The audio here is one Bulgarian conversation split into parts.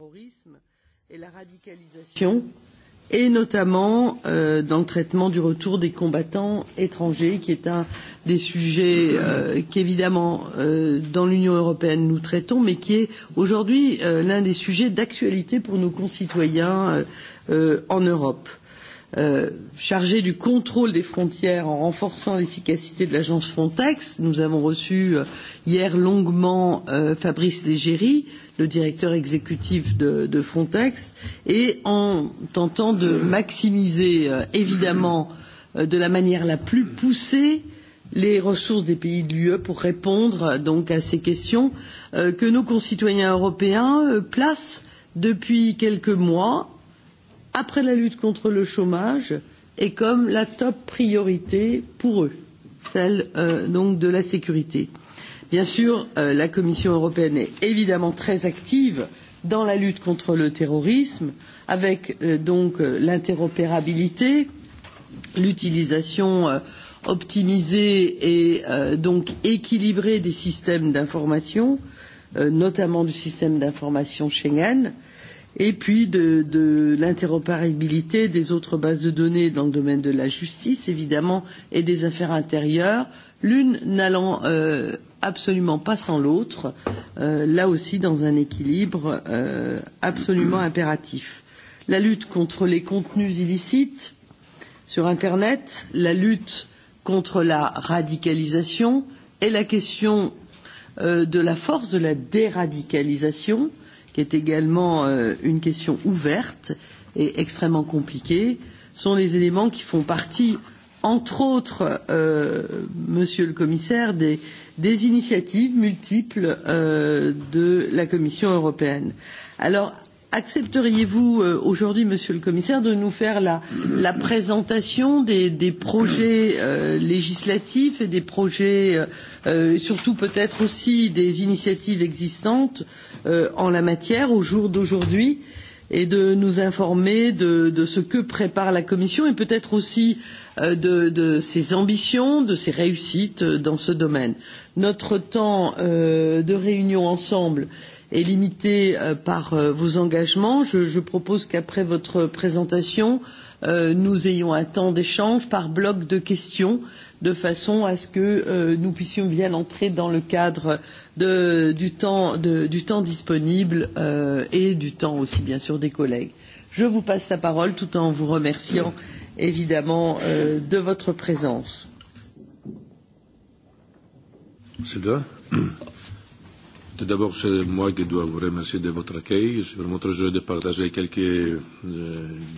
terrorisme et la radicalisation, et notamment euh, dans le traitement du retour des combattants étrangers, qui est un des sujets euh, qu'évidemment euh, dans l'Union européenne nous traitons, mais qui est aujourd'hui euh, l'un des sujets d'actualité pour nos concitoyens euh, euh, en Europe chargé du contrôle des frontières en renforçant l'efficacité de l'agence Frontex. Nous avons reçu hier longuement Fabrice Légéry, le directeur exécutif de, Frontex, et en tentant de maximiser évidemment de la manière la plus poussée les ressources des pays de l'UE pour répondre donc à ces questions que nos concitoyens européens placent depuis quelques mois après la lutte contre le chômage est comme la top priorité pour eux, celle euh, donc de la sécurité. Bien sûr, euh, la Commission européenne est évidemment très active dans la lutte contre le terrorisme, avec euh, donc euh, l'interopérabilité, l'utilisation euh, optimisée et euh, donc équilibrée des systèmes d'information, euh, notamment du système d'information Schengen, euh, et puis de, de l'interopérabilité des autres bases de données dans le domaine de la justice, évidemment, et des affaires intérieures, l'une n'allant euh, absolument pas sans l'autre, euh, là aussi dans un équilibre euh, absolument impératif. La lutte contre les contenus illicites sur Internet, la lutte contre la radicalisation et la question euh, de la force de la déradicalisation qui est également euh, une question ouverte et extrêmement compliquée, sont les éléments qui font partie, entre autres, euh, Monsieur le Commissaire, des, des initiatives multiples euh, de la Commission européenne. Alors, accepteriez vous aujourd'hui, Monsieur le Commissaire, de nous faire la, la présentation des, des projets euh, législatifs et des projets, euh, surtout peut-être aussi des initiatives existantes euh, en la matière au jour d'aujourd'hui et de nous informer de, de ce que prépare la Commission et peut-être aussi de, de ses ambitions, de ses réussites dans ce domaine. Notre temps de réunion ensemble est limité par vos engagements. Je, je propose qu'après votre présentation, nous ayons un temps d'échange par bloc de questions euh, de façon à ce que euh, nous puissions bien entrer dans le cadre de, du, temps, de, du temps disponible euh, et du temps aussi bien sûr des collègues. Je vous passe la parole tout en vous remerciant évidemment euh, de votre présence. Tout d'abord, c'est moi qui dois vous remercier de votre accueil. Je suis vraiment très heureux de partager quelques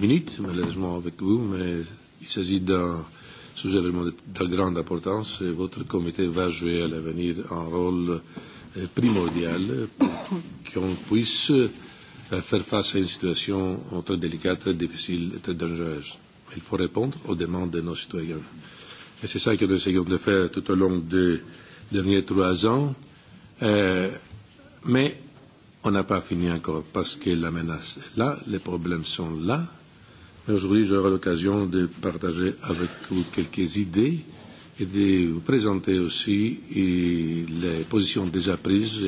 minutes, malheureusement, avec vous, mais il s'agit d'un sujet vraiment de, de grande importance. Et votre comité va jouer à l'avenir un rôle primordial pour qu'on puisse faire face à une situation très délicate, très difficile et très dangereuse. Il faut répondre aux demandes de nos citoyens. Et c'est ça que nous essayons de faire tout au long des derniers trois ans. Euh, mais on n'a pas fini encore parce que la menace est là, les problèmes sont là, Mais aujourd'hui, j'aurai l'occasion de partager avec vous quelques idées et de vous présenter aussi les positions déjà prises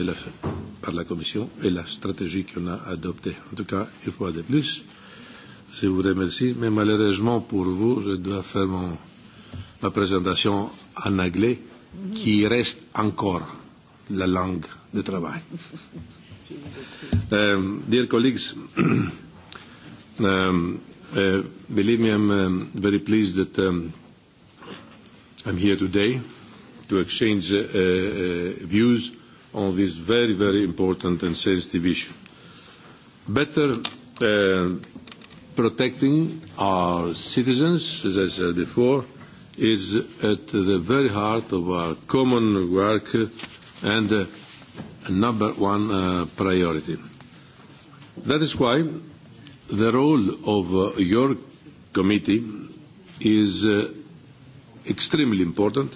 par la Commission et la stratégie qu'on a adoptée. En tout cas, une fois de plus, je vous remercie, mais malheureusement pour vous, je dois faire mon, ma présentation en anglais, qui reste encore la langue de travail. Um, dear colleagues, um, Believe me, I'm very pleased that I'm here today to exchange views on this very, very important and sensitive issue. Better protecting our citizens, as I said before, is at the very heart of our common work and number one priority. That is why The role of your committee is extremely important,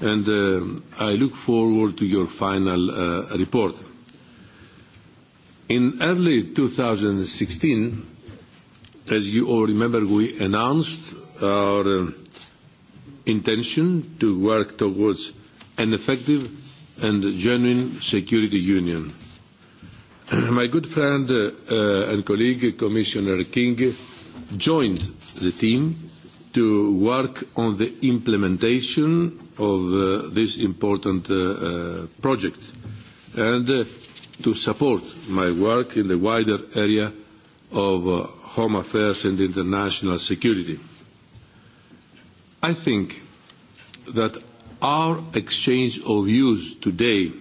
and I look forward to your final report. In early 2016, as you all remember, we announced our intention to work towards an effective and genuine security union. My good friend and colleague, Commissioner King, joined the team to work on the implementation of this important project and to support my work in the wider area of home affairs and international security. I think that our exchange of views today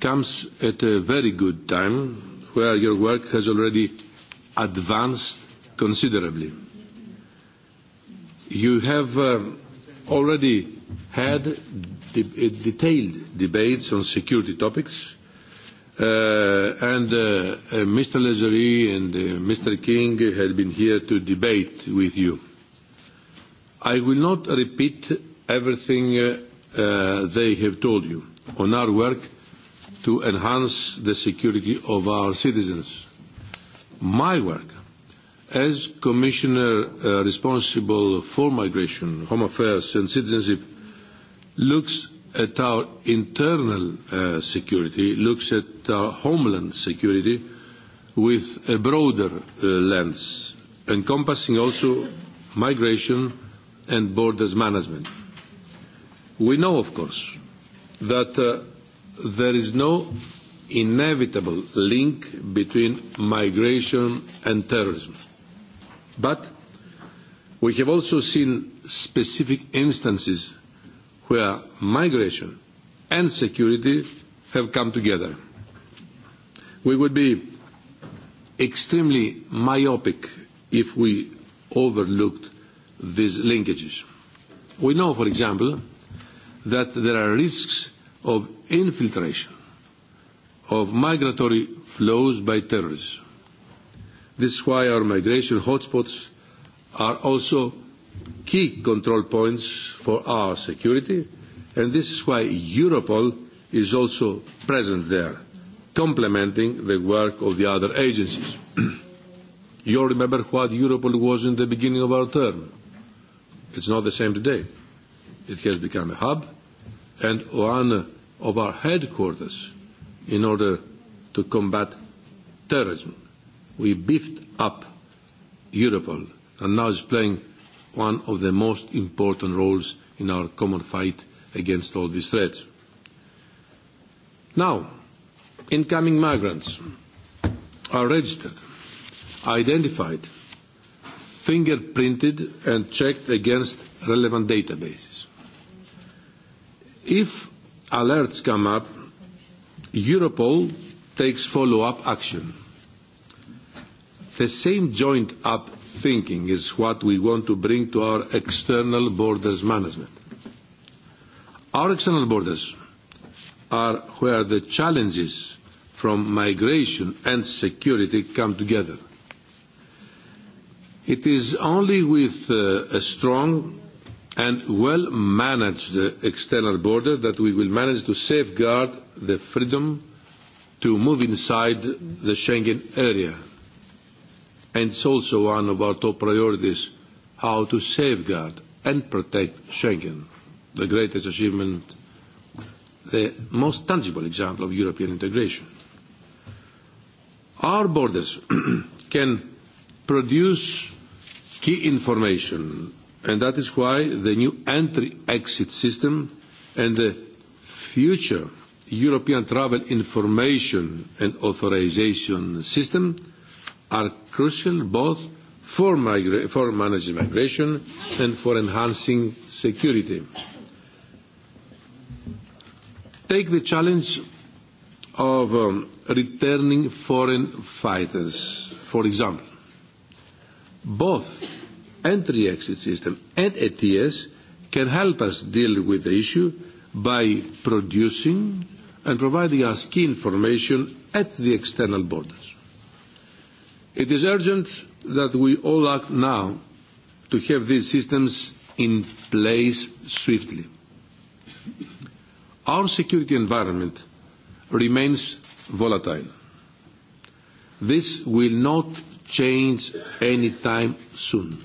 comes at a very good time where your work has already advanced considerably. You have uh, already had de- detailed debates on security topics, uh, and uh, uh, Mr. Lezery and uh, Mr. King had been here to debate with you. I will not repeat everything uh, uh, they have told you on our work to enhance the security of our citizens. My work as Commissioner uh, responsible for migration, home affairs and citizenship looks at our internal uh, security, looks at our homeland security with a broader uh, lens, encompassing also migration and borders management. We know, of course, that uh, there is no inevitable link between migration and terrorism. But we have also seen specific instances where migration and security have come together. We would be extremely myopic if we overlooked these linkages. We know, for example, that there are risks of infiltration of migratory flows by terrorists. This is why our migration hotspots are also key control points for our security, and this is why Europol is also present there, complementing the work of the other agencies. you all remember what Europol was in the beginning of our term. It's not the same today. It has become a hub and one of our headquarters in order to combat terrorism. We beefed up Europol and now is playing one of the most important roles in our common fight against all these threats. Now, incoming migrants are registered, identified, fingerprinted and checked against relevant databases. If alerts come up, Europol takes follow-up action. The same joined-up thinking is what we want to bring to our external borders management. Our external borders are where the challenges from migration and security come together. It is only with a strong and well manage the external border that we will manage to safeguard the freedom to move inside the Schengen area. And it's also one of our top priorities how to safeguard and protect Schengen, the greatest achievement, the most tangible example of European integration. Our borders can produce key information and that is why the new entry-exit system and the future European Travel Information and Authorisation System are crucial both for, migra- for managing migration and for enhancing security. Take the challenge of um, returning foreign fighters, for example. Both entry-exit system and ETS can help us deal with the issue by producing and providing us key information at the external borders. It is urgent that we all act now to have these systems in place swiftly. Our security environment remains volatile. This will not change any time soon.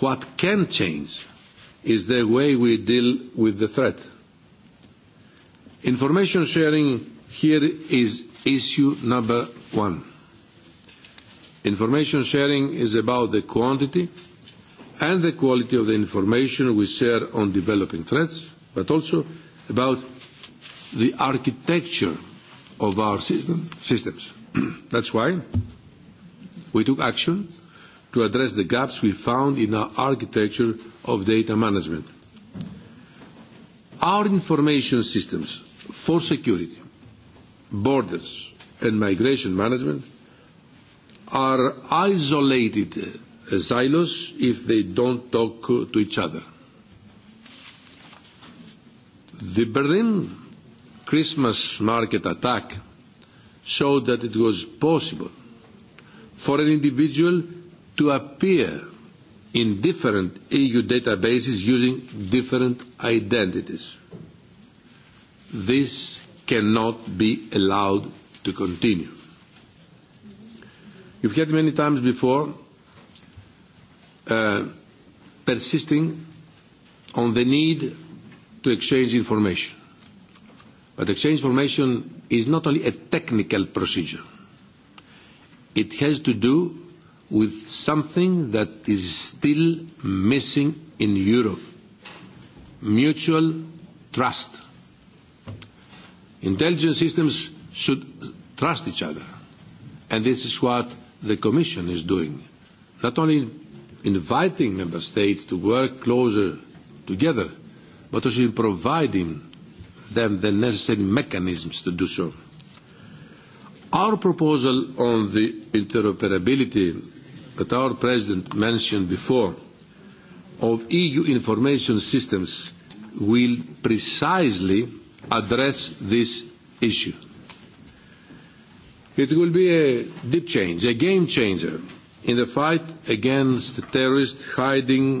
What can change is the way we deal with the threat. Information sharing here is issue number one. Information sharing is about the quantity and the quality of the information we share on developing threats, but also about the architecture of our system, systems. That's why we took action to address the gaps we found in our architecture of data management. Our information systems for security, borders and migration management are isolated silos if they don't talk to each other. The Berlin Christmas market attack showed that it was possible for an individual to appear in different EU databases using different identities. This cannot be allowed to continue. You've heard many times before uh, persisting on the need to exchange information. But exchange information is not only a technical procedure. It has to do with something that is still missing in Europe mutual trust. Intelligence systems should trust each other. And this is what the Commission is doing. Not only inviting member states to work closer together, but also in providing them the necessary mechanisms to do so. Our proposal on the interoperability that our President mentioned before of EU information systems will precisely address this issue. It will be a deep change, a game changer in the fight against terrorists hiding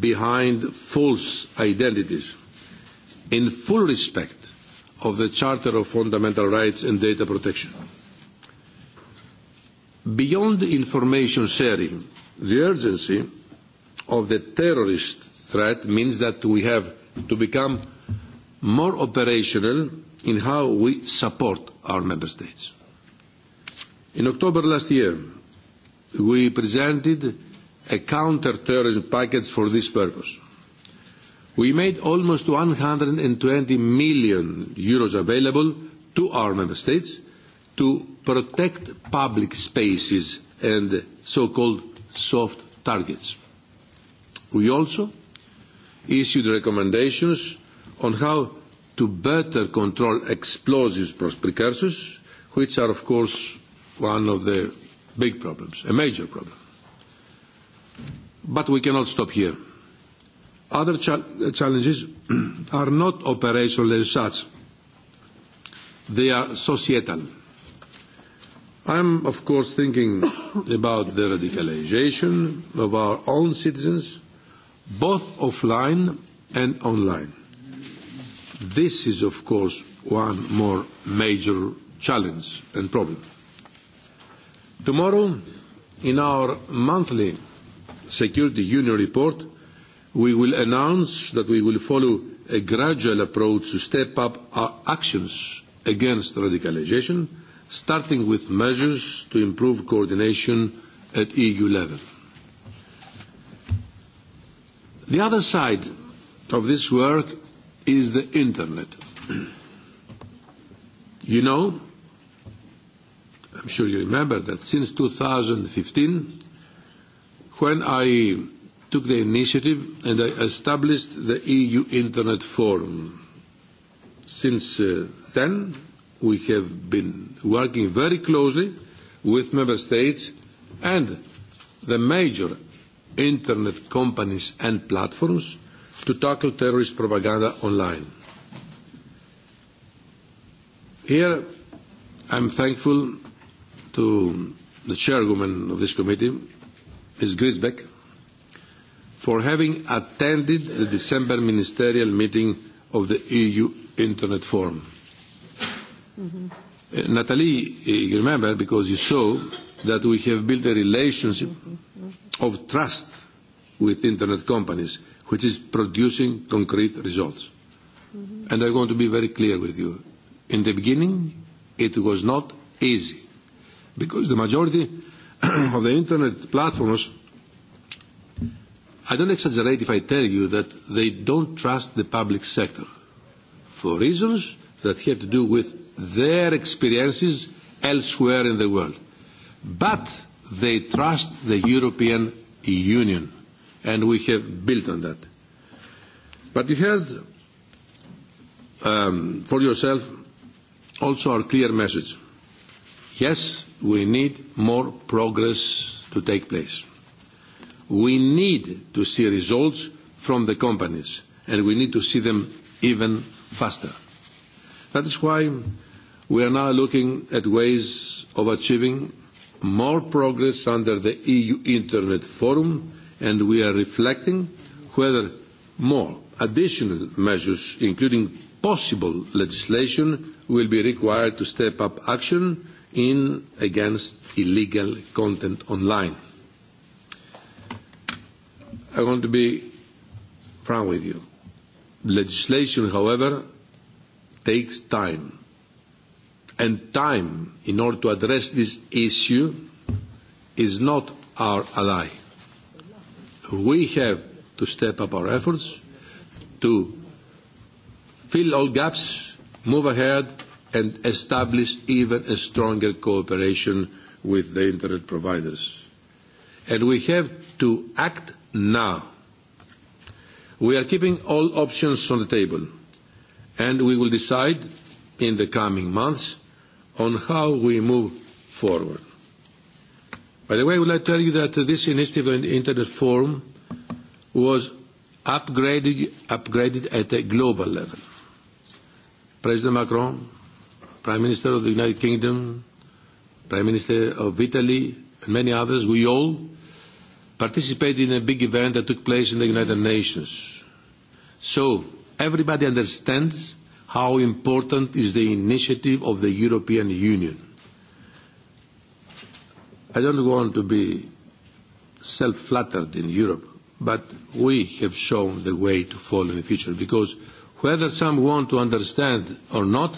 behind false identities in full respect of the Charter of Fundamental Rights and Data Protection. Beyond information sharing, the urgency of the terrorist threat means that we have to become more operational in how we support our member states. In October last year, we presented a counter-terrorism package for this purpose. We made almost EUR one hundred and twenty million available to our member states to protect public spaces and so-called soft targets. We also issued recommendations on how to better control explosives precursors, which are, of course, one of the big problems, a major problem. But we cannot stop here. Other challenges are not operational as such. They are societal I am of course, thinking about the radicalization of our own citizens, both offline and online. This is, of course, one more major challenge and problem. Tomorrow, in our monthly Security Union report, we will announce that we will follow a gradual approach to step up our actions against radicalization starting with measures to improve coordination at EU level. The other side of this work is the internet. You know, I'm sure you remember that since 2015, when I took the initiative and I established the EU Internet Forum. Since then, we have been working very closely with member states and the major internet companies and platforms to tackle terrorist propaganda online. Here, I'm thankful to the chairwoman of this committee, Ms. Grisbeck, for having attended the December ministerial meeting of the EU Internet Forum. Nathalie, you remember, because you saw that we have built a relationship of trust with internet companies, which is producing concrete results. And I want to be very clear with you. In the beginning, it was not easy, because the majority of the internet platforms, I don't exaggerate if I tell you that they don't trust the public sector for reasons that have to do with their experiences elsewhere in the world. But they trust the European Union, and we have built on that. But you heard um, for yourself also our clear message. Yes, we need more progress to take place. We need to see results from the companies, and we need to see them even faster. That is why we are now looking at ways of achieving more progress under the EU Internet Forum, and we are reflecting whether more additional measures, including possible legislation, will be required to step up action in against illegal content online. I want to be frank with you. Legislation, however, takes time. And time, in order to address this issue, is not our ally. We have to step up our efforts to fill all gaps, move ahead, and establish even a stronger cooperation with the Internet providers. And we have to act now. We are keeping all options on the table and we will decide in the coming months on how we move forward. By the way, I would like to tell you that this initiative on the Internet Forum was upgraded, upgraded at a global level. President Macron, Prime Minister of the United Kingdom, Prime Minister of Italy, and many others, we all participated in a big event that took place in the United Nations. So, Everybody understands how important is the initiative of the European Union. I don't want to be self-flattered in Europe, but we have shown the way to follow in the future because whether some want to understand or not,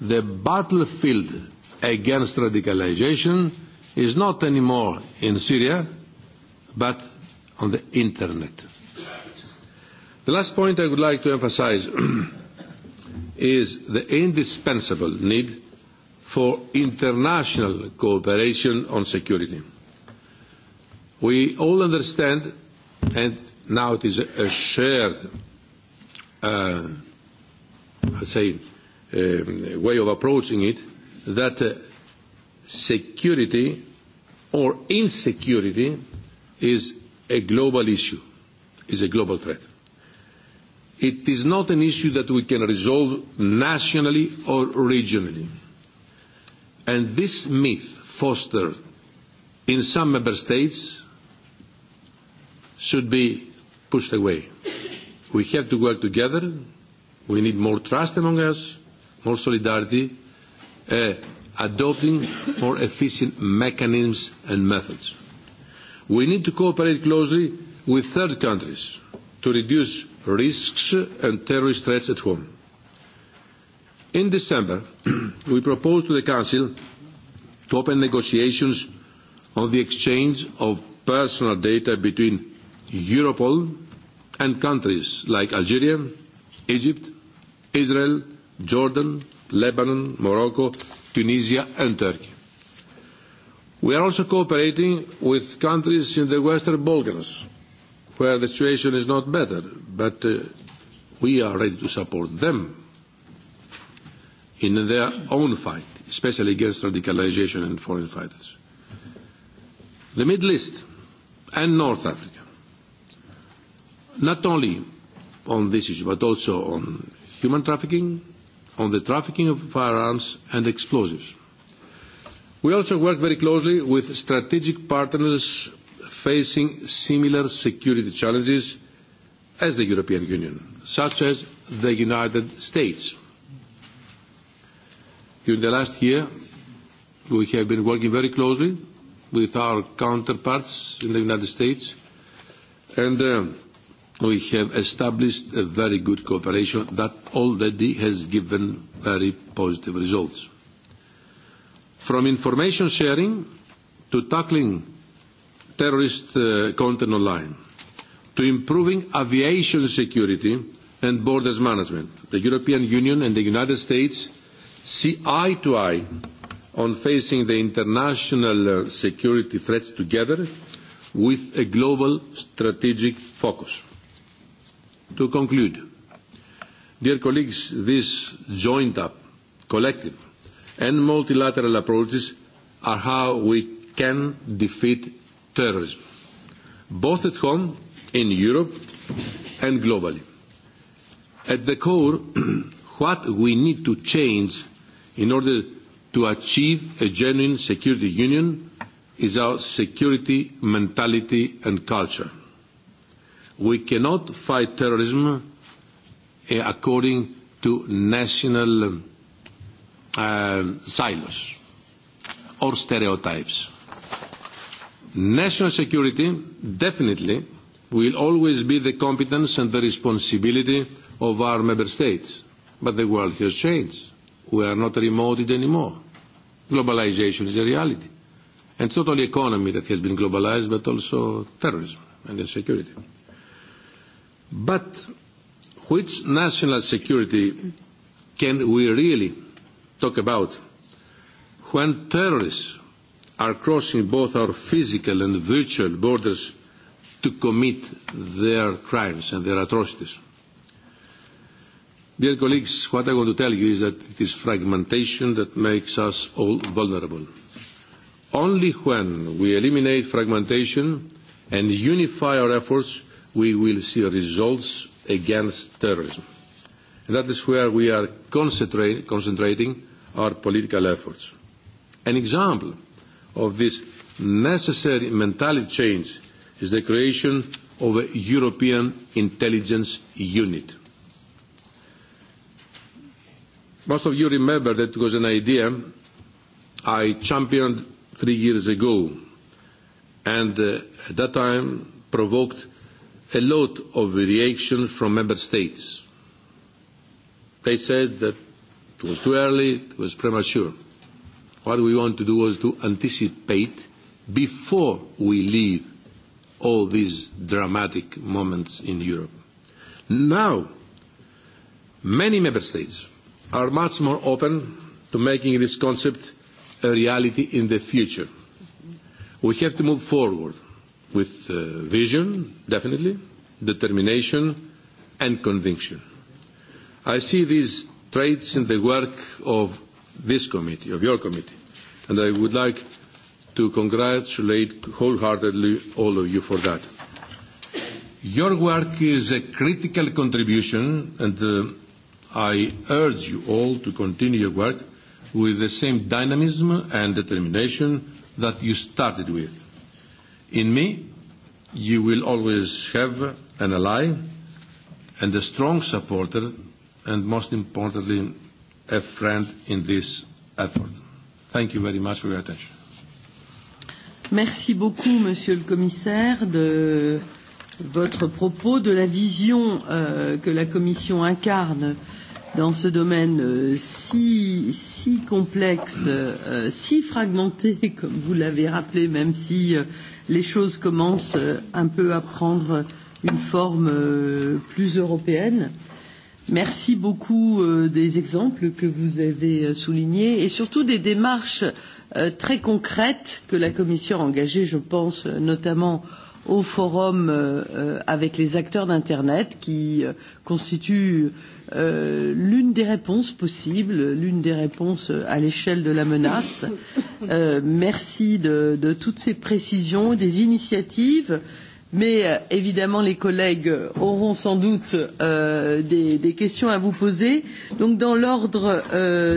the battlefield against radicalization is not anymore in Syria, but on the internet. The last point I would like to emphasise is the indispensable need for international cooperation on security. We all understand, and now it is a shared, uh, say, way of approaching it, that security or insecurity is a global issue, is a global threat It is not an issue that we can resolve nationally or regionally. And this myth fostered in some member states should be pushed away. We have to work together. We need more trust among us, more solidarity, uh, adopting more efficient mechanisms and methods. We need to cooperate closely with third countries to reduce risks and terrorist threats at home. In December, we proposed to the Council to open negotiations on the exchange of personal data between Europol and countries like Algeria, Egypt, Israel, Jordan, Lebanon, Morocco, Tunisia and Turkey. We are also cooperating with countries in the Western Balkans where the situation is not better, but uh, we are ready to support them in their own fight, especially against radicalization and foreign fighters. The Middle East and North Africa, not only on this issue, but also on human trafficking, on the trafficking of firearms and explosives. We also work very closely with strategic partners facing similar security challenges as the European Union, such as the United States. During the last year, we have been working very closely with our counterparts in the United States, and we have established a very good cooperation that already has given very positive results. From information sharing to tackling terrorist content online, to improving aviation security and borders management. The European Union and the United States see eye to eye on facing the international security threats together with a global strategic focus. To conclude, dear colleagues, these joined up, collective and multilateral approaches are how we can defeat terrorism, both at home, in Europe, and globally. At the core, what we need to change in order to achieve a genuine security union is our security mentality and culture. We cannot fight terrorism according to national silos or stereotypes. National security definitely will always be the competence and the responsibility of our member states. But the world has changed. We are not remote anymore. Globalization is a reality. And it's not only economy that has been globalized, but also terrorism and insecurity. But which national security can we really talk about when terrorists are crossing both our physical and virtual borders to commit their crimes and their atrocities. Dear colleagues, what I want to tell you is that it is fragmentation that makes us all vulnerable. Only when we eliminate fragmentation and unify our efforts, we will see results against terrorism. And that is where we are concentrating our political efforts. An example of this necessary mentality change is the creation of a European intelligence unit. Most of you remember that it was an idea I championed three years ago and at that time provoked a lot of reaction from member states. They said that it was too early, it was premature. What we want to do was to anticipate before we leave all these dramatic moments in Europe. Now, many member states are much more open to making this concept a reality in the future. We have to move forward with uh, vision, definitely, determination, and conviction. I see these traits in the work of this committee, of your committee. And I would like to congratulate wholeheartedly all of you for that. Your work is a critical contribution, and uh, I urge you all to continue your work with the same dynamism and determination that you started with. In me, you will always have an ally and a strong supporter, and most importantly, a friend in this effort. Thank you very much for your attention. Merci beaucoup, Monsieur le Commissaire, de votre propos, de la vision euh, que la Commission incarne dans ce domaine euh, si, si complexe, euh, si fragmenté, comme vous l'avez rappelé, même si euh, les choses commencent euh, un peu à prendre une forme euh, plus européenne. Euh, Merci beaucoup des exemples que vous avez soulignés et surtout des démarches très concrètes que la Commission a engagées, je pense notamment au forum avec les acteurs d'Internet qui constitue l'une des réponses possibles, l'une des réponses à l'échelle de la menace. merci de, toutes ces précisions, des initiatives mais évidemment les collègues auront sans doute des, questions à vous poser. Donc dans l'ordre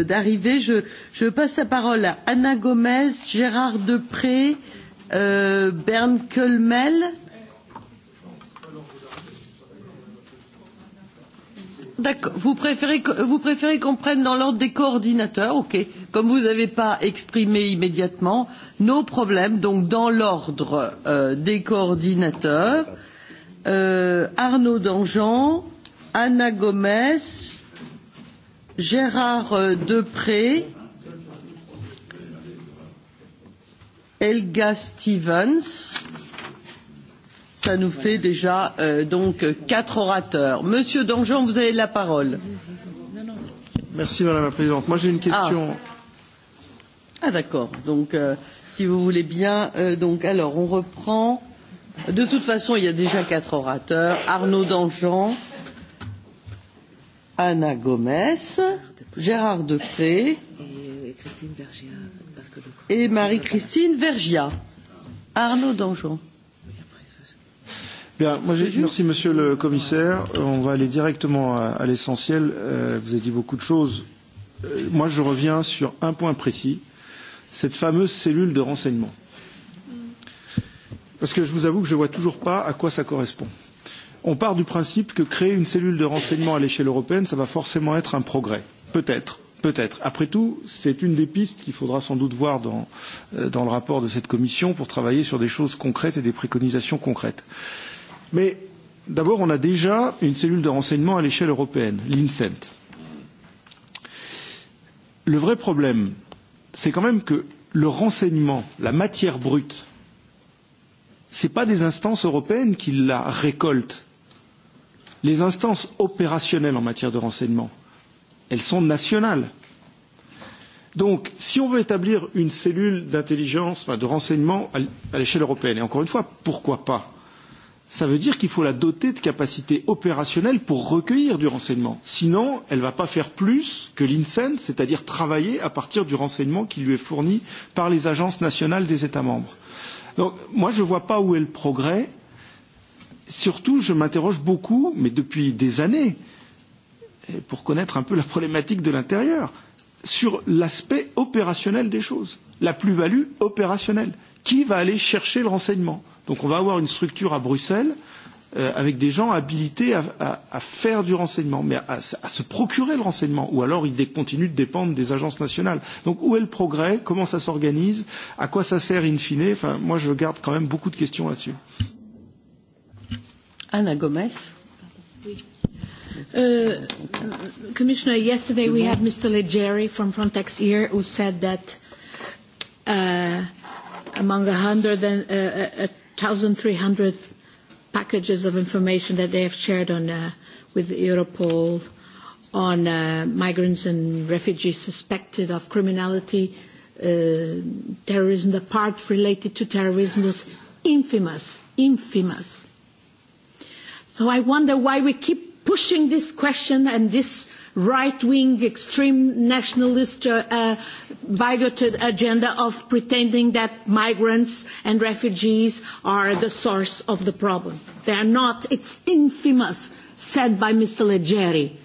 d'arrivée, je, passe la parole à Anna Gomez, Gérard Depré, Bernd Kölmel, D'accord. Vous préférez, vous préférez qu'on prenne dans l'ordre des coordinateurs Ok. Comme vous n'avez pas exprimé immédiatement nos problèmes, donc dans l'ordre euh, des coordinateurs, euh, Arnaud Dangean, Anna Gomez, Gérard Depré, Elga Stevens, Ça nous fait déjà euh, donc quatre orateurs. Monsieur Dangean, vous avez la parole. Merci Madame la Présidente. Moi j'ai une question. Ah, ah d'accord. Donc euh, si vous voulez bien, euh, donc alors on reprend. De toute façon, il y a déjà quatre orateurs. Arnaud Dangean, Anna Gomez, Gérard Depré et Marie-Christine Vergia. Arnaud Dangean. Bien, moi, merci Monsieur le Commissaire. On va aller directement à, à l'essentiel. Euh, vous avez dit beaucoup de choses. Euh, moi, je reviens sur un point précis, cette fameuse cellule de renseignement. Parce que je vous avoue que je ne vois toujours pas à quoi ça correspond. On part du principe que créer une cellule de renseignement à l'échelle européenne, ça va forcément être un progrès. Peut-être, peut-être. Après tout, c'est une des pistes qu'il faudra sans doute voir dans, dans le rapport de cette commission pour travailler sur des choses concrètes et des préconisations concrètes. Mais d'abord, on a déjà une cellule de renseignement à l'échelle européenne, l'INSENT. Le vrai problème, c'est quand même que le renseignement, la matière brute, ce n'est pas des instances européennes qui la récoltent. Les instances opérationnelles en matière de renseignement, elles sont nationales. Donc, si on veut établir une cellule d'intelligence, enfin de renseignement à l'échelle européenne, et encore une fois, pourquoi pas ça veut dire qu'il faut la doter de capacités opérationnelles pour recueillir du renseignement. Sinon, elle ne va pas faire plus que l'INSEN, c'est-à-dire travailler à partir du renseignement qui lui est fourni par les agences nationales des États membres. Donc, moi, je ne vois pas où est le progrès. Surtout, je m'interroge beaucoup, mais depuis des années, pour connaître un peu la problématique de l'intérieur, sur l'aspect opérationnel des choses, la plus-value opérationnelle. Qui va aller chercher le renseignement Donc on va avoir une structure à Bruxelles euh, avec des gens habilités à, à, à faire du renseignement, mais à, à, à se procurer le renseignement, ou alors ils continuent de dépendre des agences nationales. Donc où est le progrès Comment ça s'organise À quoi ça sert in fine enfin, Moi, je garde quand même beaucoup de questions là-dessus. Anna Gomez. Uh, Commissioner, yesterday we had Mr. Leggeri from Frontex here who said that uh, among 100 and, uh, 1,300 packages of information that they have shared on, uh, with Europol on uh, migrants and refugees suspected of criminality, uh, terrorism. The part related to terrorism was infamous, infamous. So I wonder why we keep pushing this question and this right-wing extreme nationalist bigoted agenda of pretending that migrants and refugees are the source of the problem. They are not. It's infamous, said by Mr. Leggeri.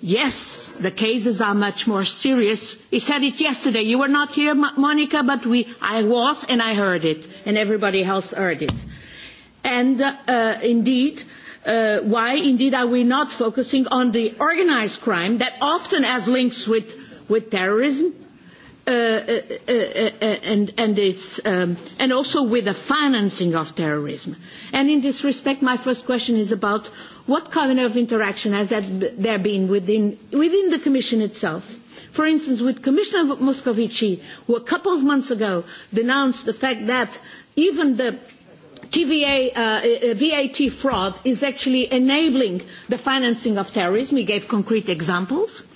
Yes, the cases are much more serious. He said it yesterday. You were not here, Monica, but we, I was, and I heard it, and everybody else heard it. And uh, indeed, uh, why indeed are we not focusing on the organised crime that often has links with, with terrorism and, and, it's, um, and also with the financing of terrorism. And in this respect, my first question is about what kind of interaction has there been within, within the Commission itself? For instance, with Commissioner Moscovici, who a couple of months ago denounced the fact that even the VAT fraud is actually enabling the financing of terrorism. We gave concrete examples.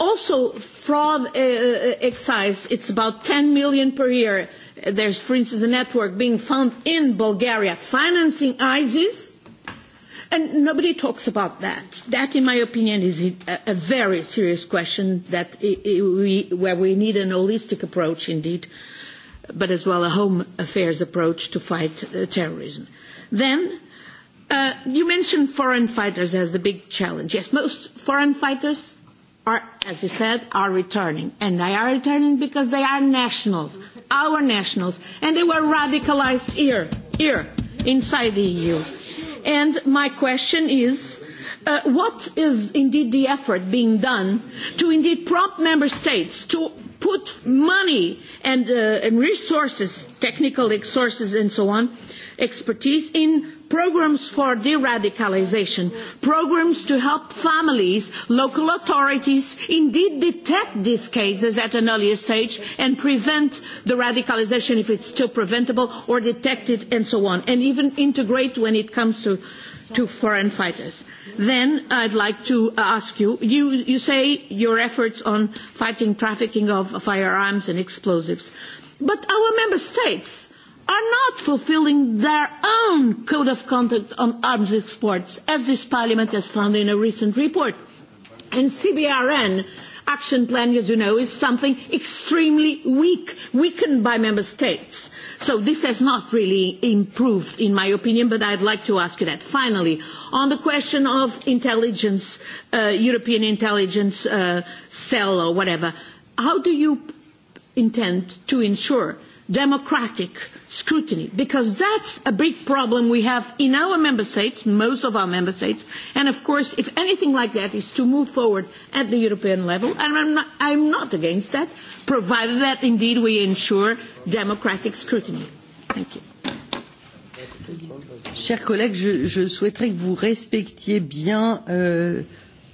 Also, fraud excise, it's about 10 million per year. There's, for instance, a network being found in Bulgaria financing ISIS, and nobody talks about that. That, in my opinion, is a very serious question that we, where we need an holistic approach, indeed, uh, but as well a home affairs approach to fight uh, terrorism. Then, uh, you mentioned foreign fighters as the big challenge. Yes, most foreign fighters are, as you said, are returning. And they are returning because they are nationals, our nationals. And they were radicalized here, here, inside the EU. And my question is, uh, what is indeed the effort being done to indeed prompt member states to put money and, uh, and resources, technical resources and so on, expertise in programs for de-radicalization, programs to help families, local authorities indeed detect these cases at an earlier stage and prevent the radicalization if it's still preventable or detect it and so on, and even integrate when it comes to, to foreign fighters. Then I'd like to ask you, you, you say your efforts on fighting trafficking of firearms and explosives, but our member states are not fulfilling their own code of conduct on arms exports, as this parliament has found in a recent report. And CBRN action plan, as you know, is something extremely weak, weakened by member states. So this has not really improved, in my opinion, but I'd like to ask you that. Finally, on the question of intelligence, uh, European intelligence uh, cell or whatever, how do you intend to ensure democratic scrutiny because that's a big problem we have in our member states most of our member states and of course if anything like that is to move forward at the european level and i'm not, I'm not against that provided that indeed we ensure democratic scrutiny thank you Chers collègues, je, je souhaiterais que vous respectiez bien euh,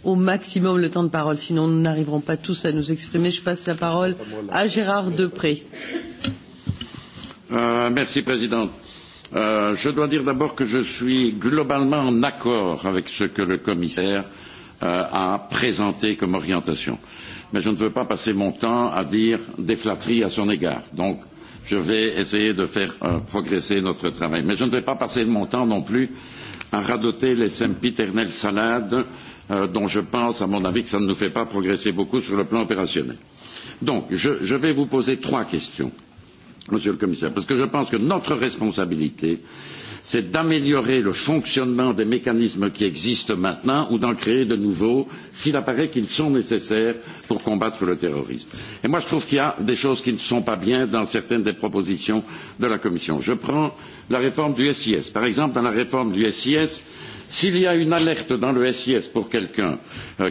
au maximum le temps de parole, sinon nous n'arriverons pas tous à nous exprimer. Je passe la parole à Gérard Depré. Madame la Présidente, je dois dire d'abord que je suis globalement en accord avec ce que le commissaire a présenté comme orientation. Mais je ne veux pas passer mon temps à dire des flatteries à son égard. Donc, je vais essayer de faire progresser notre travail. Mais je ne vais pas passer mon temps non plus à radoter les sempiternelles salades dont je pense, à mon avis, que ça ne nous fait pas progresser beaucoup sur le plan opérationnel. Donc, je, vais vous poser trois questions monsieur le commissaire, parce que je pense que notre responsabilité, c'est d'améliorer le fonctionnement des mécanismes qui existent maintenant ou d'en créer de nouveaux s'il apparaît qu'ils sont nécessaires pour combattre le terrorisme. Et moi, je trouve qu'il y a des choses qui ne sont pas bien dans certaines des propositions de la Commission. Je prends la réforme du SIS. Par exemple, dans la réforme du SIS, S'il y a une alerte dans le SIS pour quelqu'un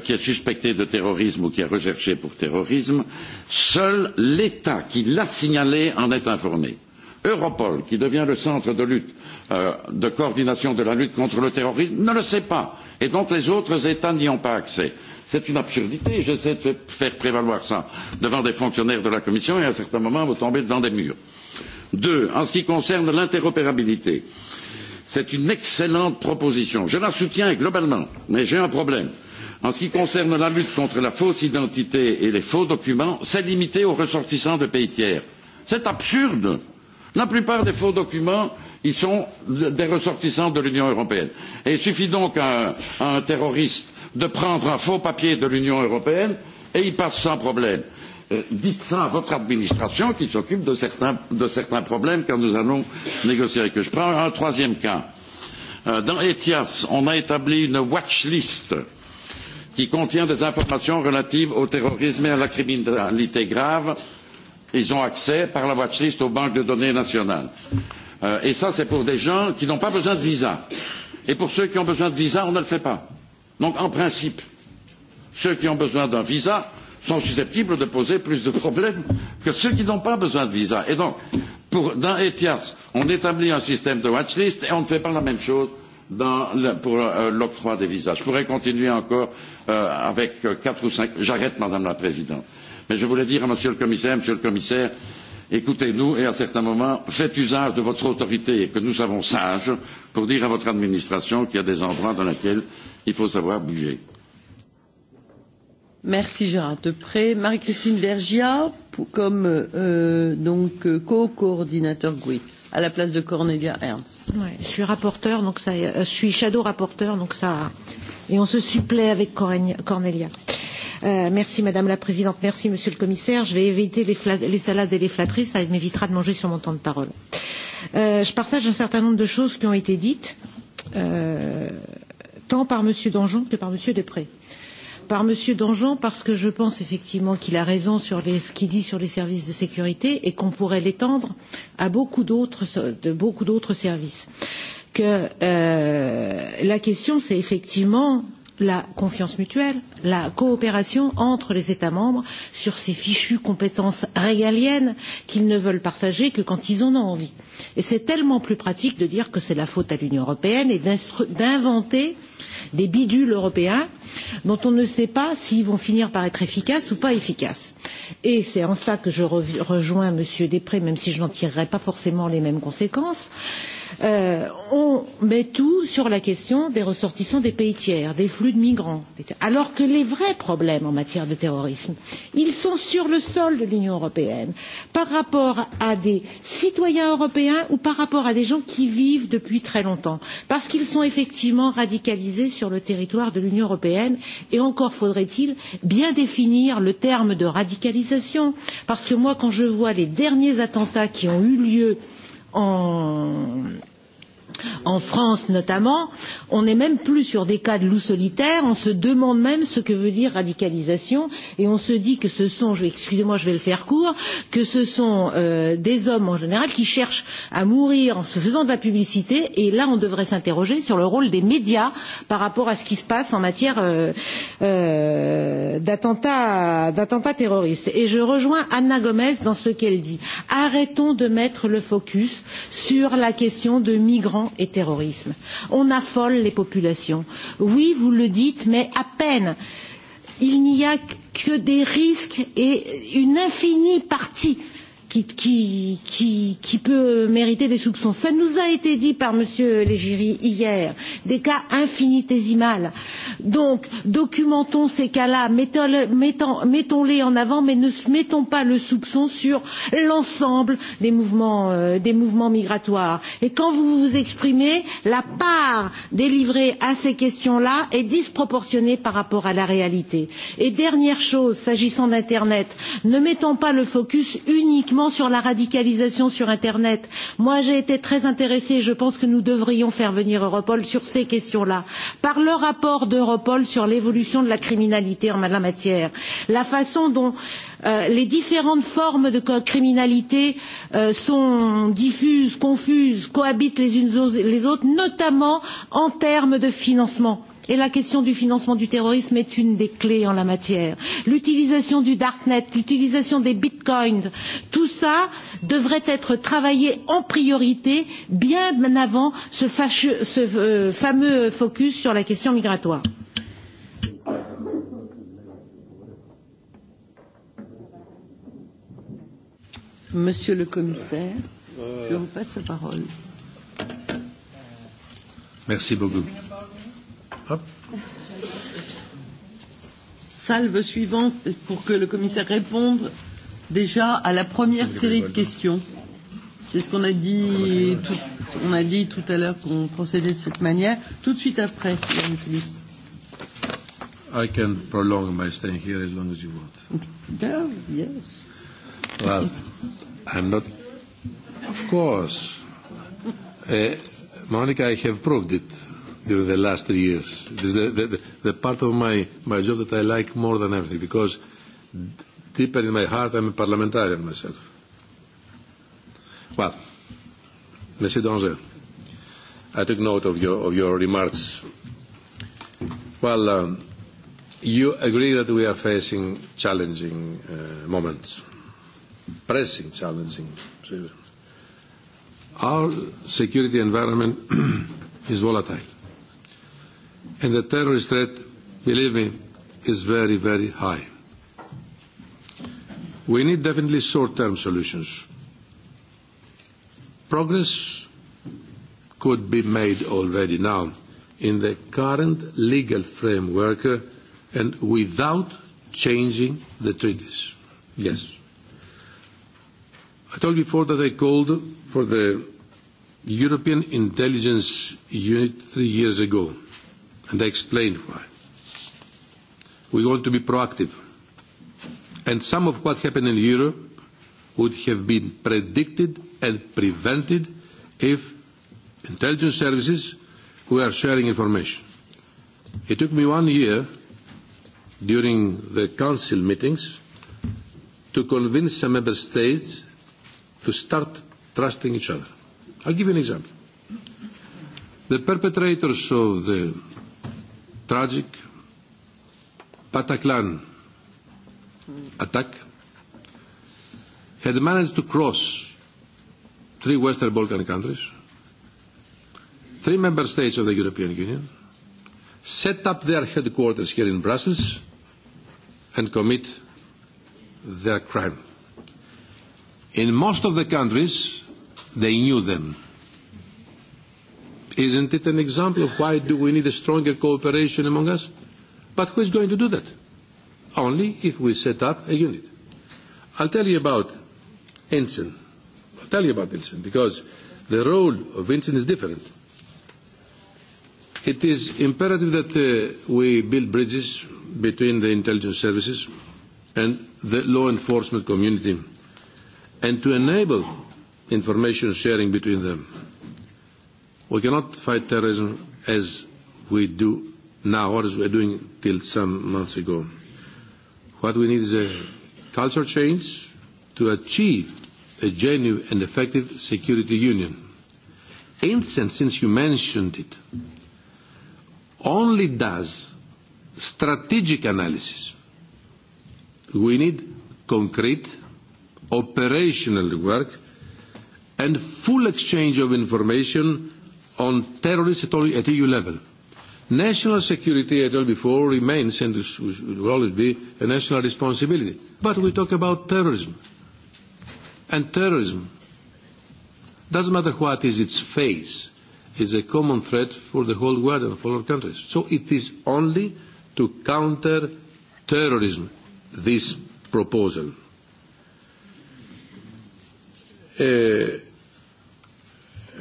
qui est suspecté de terrorisme ou qui est recherché pour terrorisme, seul l'État qui l'a signalé en est informé. Europol, qui devient le centre de lutte de coordination de la lutte contre le terrorisme, ne le sait pas, et donc les autres États n'y ont pas accès. C'est une absurdité, j'essaie de faire prévaloir cela devant des fonctionnaires de la Commission, et à un certain moment, vous tombez devant des murs. Deuxièmement, en ce qui concerne l'interopérabilité, euh, C'est une excellente proposition. Je la soutiens globalement, mais j'ai un problème. En ce qui concerne la lutte contre la fausse identité et les faux documents, c'est limité aux ressortissants de pays tiers. C'est absurde. La plupart des faux documents, ils sont des ressortissants de l'Union européenne. Et il suffit donc à un terroriste de prendre un faux papier de l'Union européenne et ils passent sans problème. Dites ça à votre administration qui s'occupe de certains, problèmes quand nous allons négocier avec eux. Je prends un troisième cas. Dans ETIAS, on a établi une watch list qui contient des informations relatives au terrorisme et à la criminalité grave. Ils ont accès par la watchlist aux banques de données nationales. et ça, c'est pour des gens qui n'ont pas besoin de visa. Et pour ceux qui ont besoin de visa, on ne le fait pas. Donc, en principe, Ceux qui ont besoin d'un visa sont susceptibles de poser plus de problèmes que ceux qui n'ont pas besoin de visa. Et donc, pour, dans ETIAS, on établit un système de watchlist et on ne fait pas la même chose dans le, pour euh, l'octroi des visas. Je pourrais continuer encore euh, avec quatre ou cinq. J'arrête, Madame la Présidente. Mais je voulais dire à Monsieur le Commissaire, Monsieur le Commissaire, écoutez-nous et à certains moments, faites usage de votre autorité que nous savons sage pour dire à votre administration qu'il y a des endroits dans lesquels il faut savoir bouger. Merci Gérard Depré. Marie-Christine Vergia, comme donc cocoordinateur coordinateur GUI, à la place de Cornelia Ernst. Ouais, je suis rapporteur, donc ça, je suis shadow rapporteur, donc ça, et on se supplée avec Cornelia. Euh, merci Madame la Présidente, merci Monsieur le Commissaire. Je vais éviter les, les salades et les flatteries, ça m'évitera de manger sur mon temps de parole. Euh, je partage un certain nombre de choses qui ont été dites, euh, tant par Monsieur Danjon que par Monsieur Depré. Euh, par M. Dangean parce que je pense effectivement qu'il a raison sur ce qu'il dit sur les services de sécurité et qu'on pourrait l'étendre à beaucoup d'autres services. Que la question, c'est effectivement la confiance mutuelle, la coopération entre les États membres sur ces fichues compétences régaliennes qu'ils ne veulent partager que quand ils en ont envie. Et c'est tellement plus pratique de dire que c'est la faute à l'Union européenne et d'inventer euh, des bidules européens dont on ne sait pas s'ils vont finir par être efficaces ou pas efficaces. Et c'est en cela que je rejoins M. Deprez, même si je n'en tirerai pas forcément les mêmes conséquences. Euh, on met tout sur la question des ressortissants des pays tiers, des flux de migrants, alors que les vrais problèmes en matière de terrorisme, sont sur le sol de l'Union européenne, par rapport à des citoyens européens ou par rapport à des gens qui vivent depuis très longtemps, parce qu'ils sont effectivement radicalisés sur le territoire de l'Union européenne, et encore faudrait-il bien définir le terme de radicalisation, parce que moi, quand je vois les derniers attentats qui ont eu lieu en en France notamment, on n'est même plus sur des cas de loups solitaires, on se demande même ce que veut dire radicalisation et on se dit que ce sont, excusez-moi je vais le faire court, que ce sont euh, des hommes en général qui cherchent à mourir en se faisant de la publicité et là on devrait s'interroger sur le rôle des médias par rapport à ce qui se passe en matière euh, euh, d'attentats terroristes. Et je rejoins Anna Gomez dans ce qu'elle dit. Arrêtons de mettre le focus sur la question de migrants et terrorisme. On affole les populations. Oui, vous le dites, mais à peine. Il n'y a que des risques et une infinie partie qui, qui, qui, qui peut mériter des soupçons. Ça nous a été dit par Monsieur Légiri hier, des cas infinitésimales. Donc, documentons ces cas-là, mettons-les en avant, mais ne mettons pas le soupçon sur l'ensemble des mouvements, euh, des mouvements migratoires. Et quand vous vous exprimez, la part délivrée à ces questions-là est disproportionnée par rapport à la réalité. Et dernière chose, s'agissant d'Internet, ne mettons pas le focus uniquement brièvement sur la radicalisation sur Internet. Moi, j'ai été très intéressée, je pense que nous devrions faire venir Europol sur ces questions-là, par le rapport d'Europol sur l'évolution de la criminalité en la matière, la façon dont les différentes formes de criminalité sont diffuses, confuses, cohabitent les unes les autres, notamment en termes de financement Et la question du financement du terrorisme est une des clés en la matière. L'utilisation du darknet, l'utilisation des bitcoins, tout cela devrait être travaillé en priorité bien avant ce, fameux focus sur la question migratoire. Monsieur le commissaire, je vous passe la parole. Merci beaucoup. Hop. Salve suivante pour que le commissaire réponde déjà à la première série de questions. C'est ce qu'on a dit tout, on a dit tout à l'heure qu'on procédait de cette manière. Tout de suite après, Philippe. I can prolong my staying here as long as you want. No, yes. Well, I'm not. Of course. Uh, Monica, I have proved it during the last three years. It is the, the, the the part of my, my job that I like more than everything because deeper in my heart I'm a parliamentarian myself. Well, Monsieur Danger, I took note of your, of your remarks. Well, um, you agree that we are facing challenging uh, moments, pressing, challenging. Our security environment is volatile And the terrorist threat, believe me, is very, very high. We need definitely short-term solutions. Progress could be made already now in the current legal framework and without changing the treaties. Yes. I told before that I called for the European Intelligence Unit three years ago and I explained why. We want to be proactive. And some of what happened in Europe would have been predicted and prevented if intelligence services were sharing information. It took me one year during the council meetings to convince some member states to start trusting each other. I'll give you an example. The perpetrators of the tragic Bataclan attack had managed to cross three Western Balkan countries, three member states of the European Union, set up their headquarters here in Brussels, and commit their crime. In most of the countries, they knew them. Isn't it an example of why do we need a stronger cooperation among us? But who is going to do that? Only if we set up a unit. I'll tell you about Ensign. I'll tell you about Ensign because the role of Ensign is different. It is imperative that uh, we build bridges between the intelligence services and the law enforcement community and to enable information sharing between them We cannot fight terrorism as we do now or as we were doing till some months ago. What we need is a cultural change to achieve a genuine and effective security union. And since you mentioned it, only does strategic analysis. We need concrete operational work and full exchange of information on terrorists at, all, at EU level. National security, I told before, remains and will always be a national responsibility. But we talk about terrorism. And terrorism, doesn't matter what is its face, is a common threat for the whole world and for all countries. So it is only to counter terrorism, this proposal. Uh,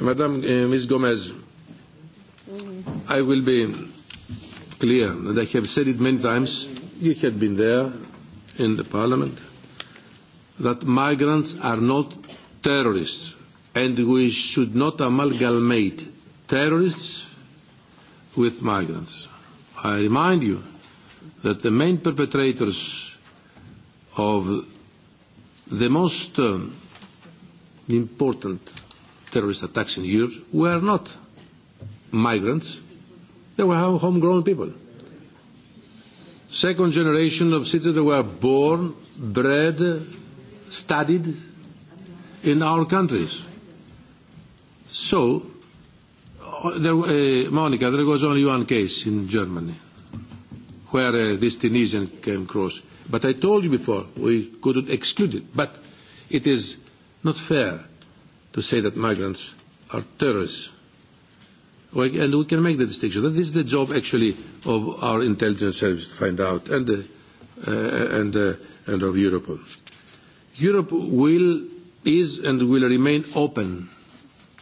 Madam uh, Ms. Gomez, I will be clear, and I have said it many times, you have been there in the Parliament, that migrants are not terrorists, and we should not amalgamate terrorists with migrants. I remind you that the main perpetrators of the most important terrorist attacks in Europe were not migrants, they were homegrown people. Second generation of citizens that were born, bred, studied in our countries. So, there, uh, Monica, there was only one case in Germany where uh, this Tunisian came across. But I told you before, we couldn't exclude it. But it is not fair to say that migrants are terrorists. And we can make the distinction. That is the job, actually, of our intelligence service to find out, and, uh, and, uh, and of Europol. Europe will, is and will remain open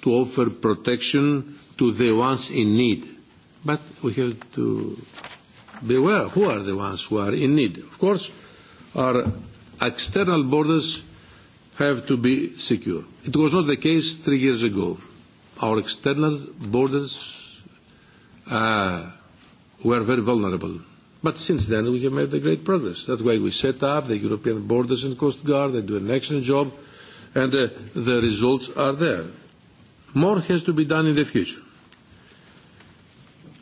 to offer protection to the ones in need. But we have to be aware who are the ones who are in need. Of course, our external borders have to be secure. It was not the case three years ago. Our external borders uh, were very vulnerable. But since then, we have made great progress. That's why we set up the European Borders and Coast Guard. They do an excellent job, and uh, the results are there. More has to be done in the future.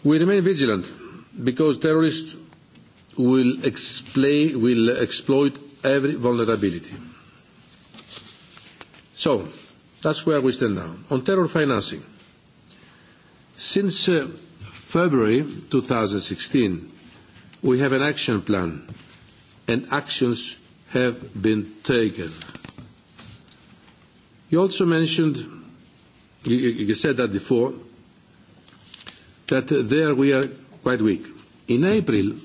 We remain vigilant because terrorists will, exploit every vulnerability So that's where we stand now. On terror financing, since uh, February 2016, we have an action plan, and actions have been taken. You also mentioned, you, you said that before, that there we are quite weak. In April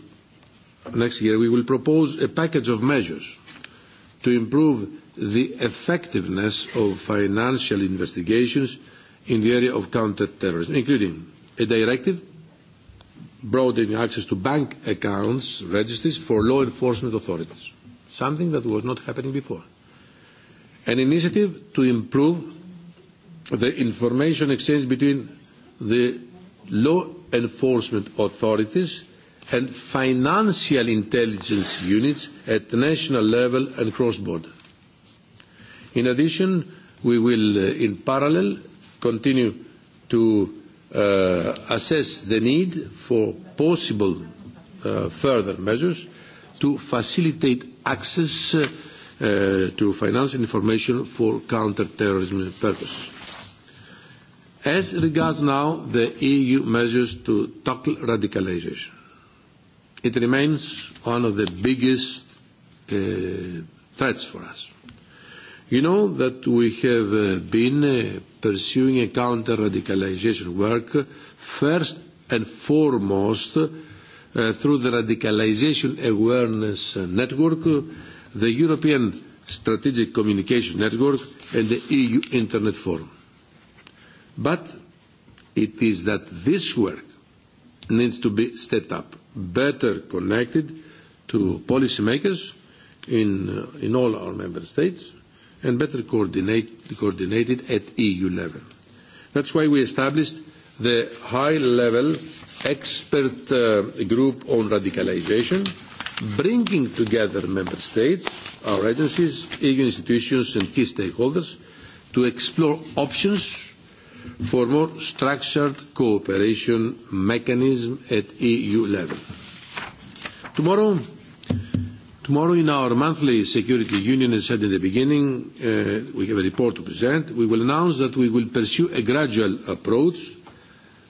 next year, we will propose a package of measures to improve the effectiveness of financial investigations in the area of counter-terrorism, including a directive broadening access to bank accounts registers for law enforcement authorities, something that was not happening before. An initiative to improve the information exchange between the law enforcement authorities and financial intelligence units at national level and cross-border In addition, we will, in parallel, continue to assess the need for possible further measures to facilitate access to financial information for counter-terrorism purposes. As regards now the EU measures to tackle radicalisation, it remains one of the biggest threats for us. You know that we have been pursuing a counter-radicalization work first and foremost through the Radicalization Awareness Network, the European Strategic Communication Network, and the EU Internet Forum. But it is that this work needs to be stepped up, better connected to policymakers in, in all our member states, and better coordinated at EU level. That's why we established the high-level expert group on radicalisation, bringing together member states, our agencies, EU institutions and key stakeholders to explore options for more structured cooperation mechanism at EU level. Tomorrow, Tomorrow in our monthly Security Union, as said in the beginning, uh, we have a report to present. We will announce that we will pursue a gradual approach,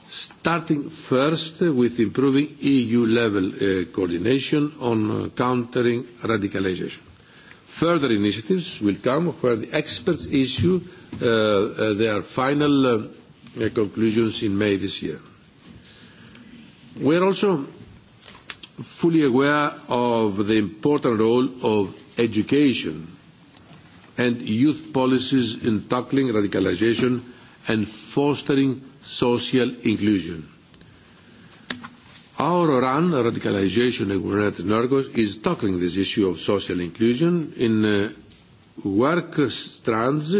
starting first with improving EU-level uh, coordination on uh, countering radicalization. Further initiatives will come where the experts issue uh, uh, their final uh, conclusions in May this year. We are also fully aware of the important role of education and youth policies in tackling radicalisation and fostering social inclusion. Our RAN, Radicalisation Awareness Network, Narcos, is tackling this issue of social inclusion in work strands,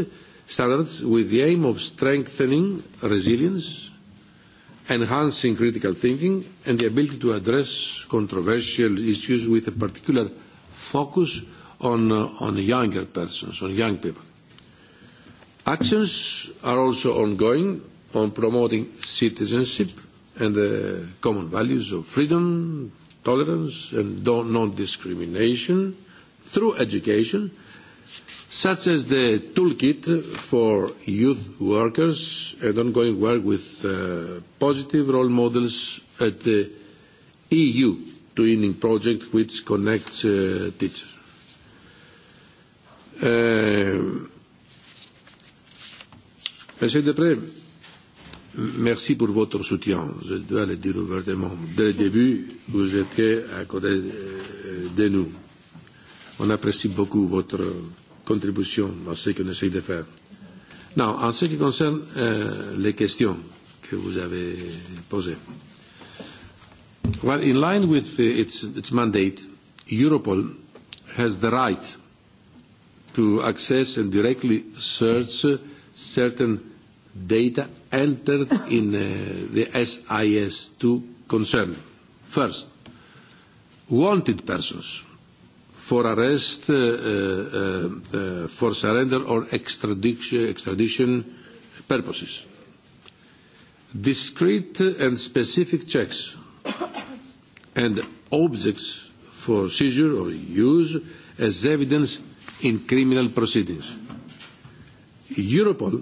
standards with the aim of strengthening resilience enhancing critical thinking and the ability to address controversial issues with a particular focus on, uh, on younger persons, on young people. Actions are also ongoing on promoting citizenship and the common values of freedom, tolerance and non-discrimination through education such as the toolkit for youth workers and ongoing work with uh, positive role models at the EU twinning project which connects uh, teachers. Monsieur Deprez, merci pour votre soutien. Je dois le dire ouvertement. Dès le début, vous étiez à côté de nous. On apprécie beaucoup votre contribution à ce qu'on essaye de faire. Non, en ce qui concerne euh, les questions que vous avez posées. Well, in line with its, its mandate, Europol has the right to access and directly search certain data entered in the SIS2 concern. First, wanted persons for arrest, for surrender or extradition purposes. Discrete and specific checks and objects for seizure or use as evidence in criminal proceedings. Europol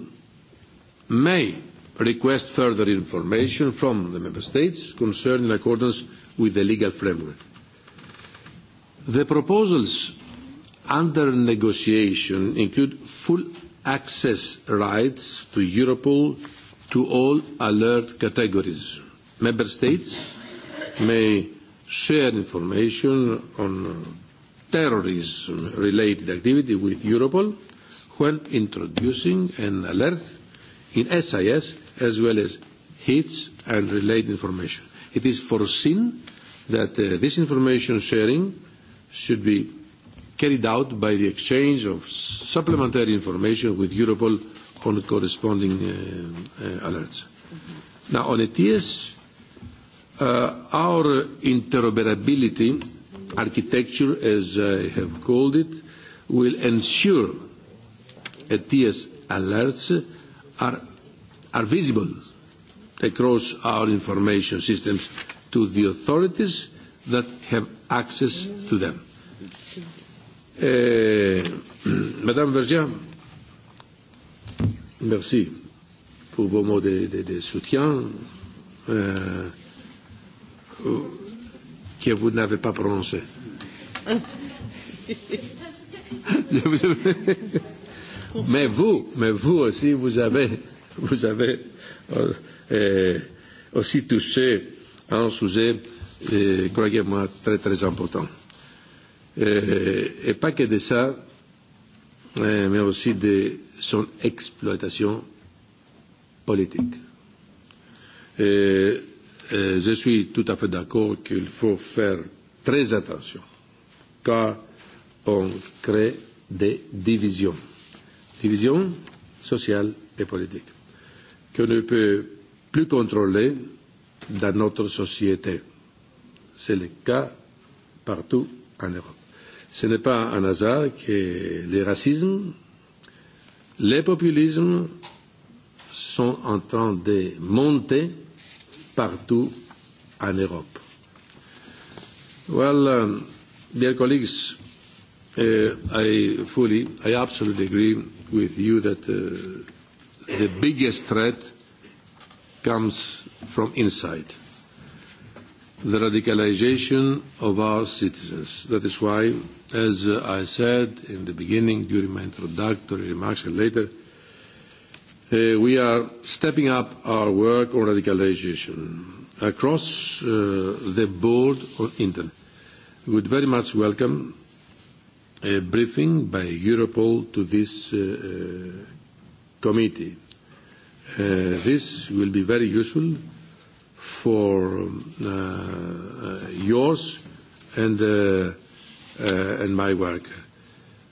may request further information from the Member States concerned in accordance with the legal framework The proposals under negotiation include full access rights to Europol to all alert categories. Member States may share information on terrorism related activity with Europol when introducing an alert in SIS as well as hits and related information. It is foreseen that this information sharing should be carried out by the exchange of supplementary information with Europol on corresponding alerts. Now, on ETS, our interoperability architecture, as I have called it, will ensure ETS alerts are are visible across our information systems to the authorities that have access to them. Madame Vergia, merci pour vos mots de, de, de soutien euh, que vous n'avez pas prononcé. mais vous, mais vous aussi, vous avez, vous avez euh, aussi touché un sujet euh, croyez-moi, très très important. Et, et pas que de ça, mais aussi de son exploitation politique. Et, je suis tout à fait d'accord qu'il faut faire très attention, car on crée des divisions, divisions sociales et politiques, que ne peut plus contrôler dans notre société C'est le cas partout en Europe. Ce n'est pas un hasard que les racismes, les populismes sont en train de monter partout en Europe. Well, um, dear colleagues, uh, I fully, I absolutely agree with you that uh, the biggest threat comes from inside the radicalization of our citizens. That is why, as I said in the beginning, during my introductory remarks and later, we are stepping up our work on radicalization across the board on internet. We would very much welcome a briefing by Europol to this committee. This will be very useful for yours and and my work.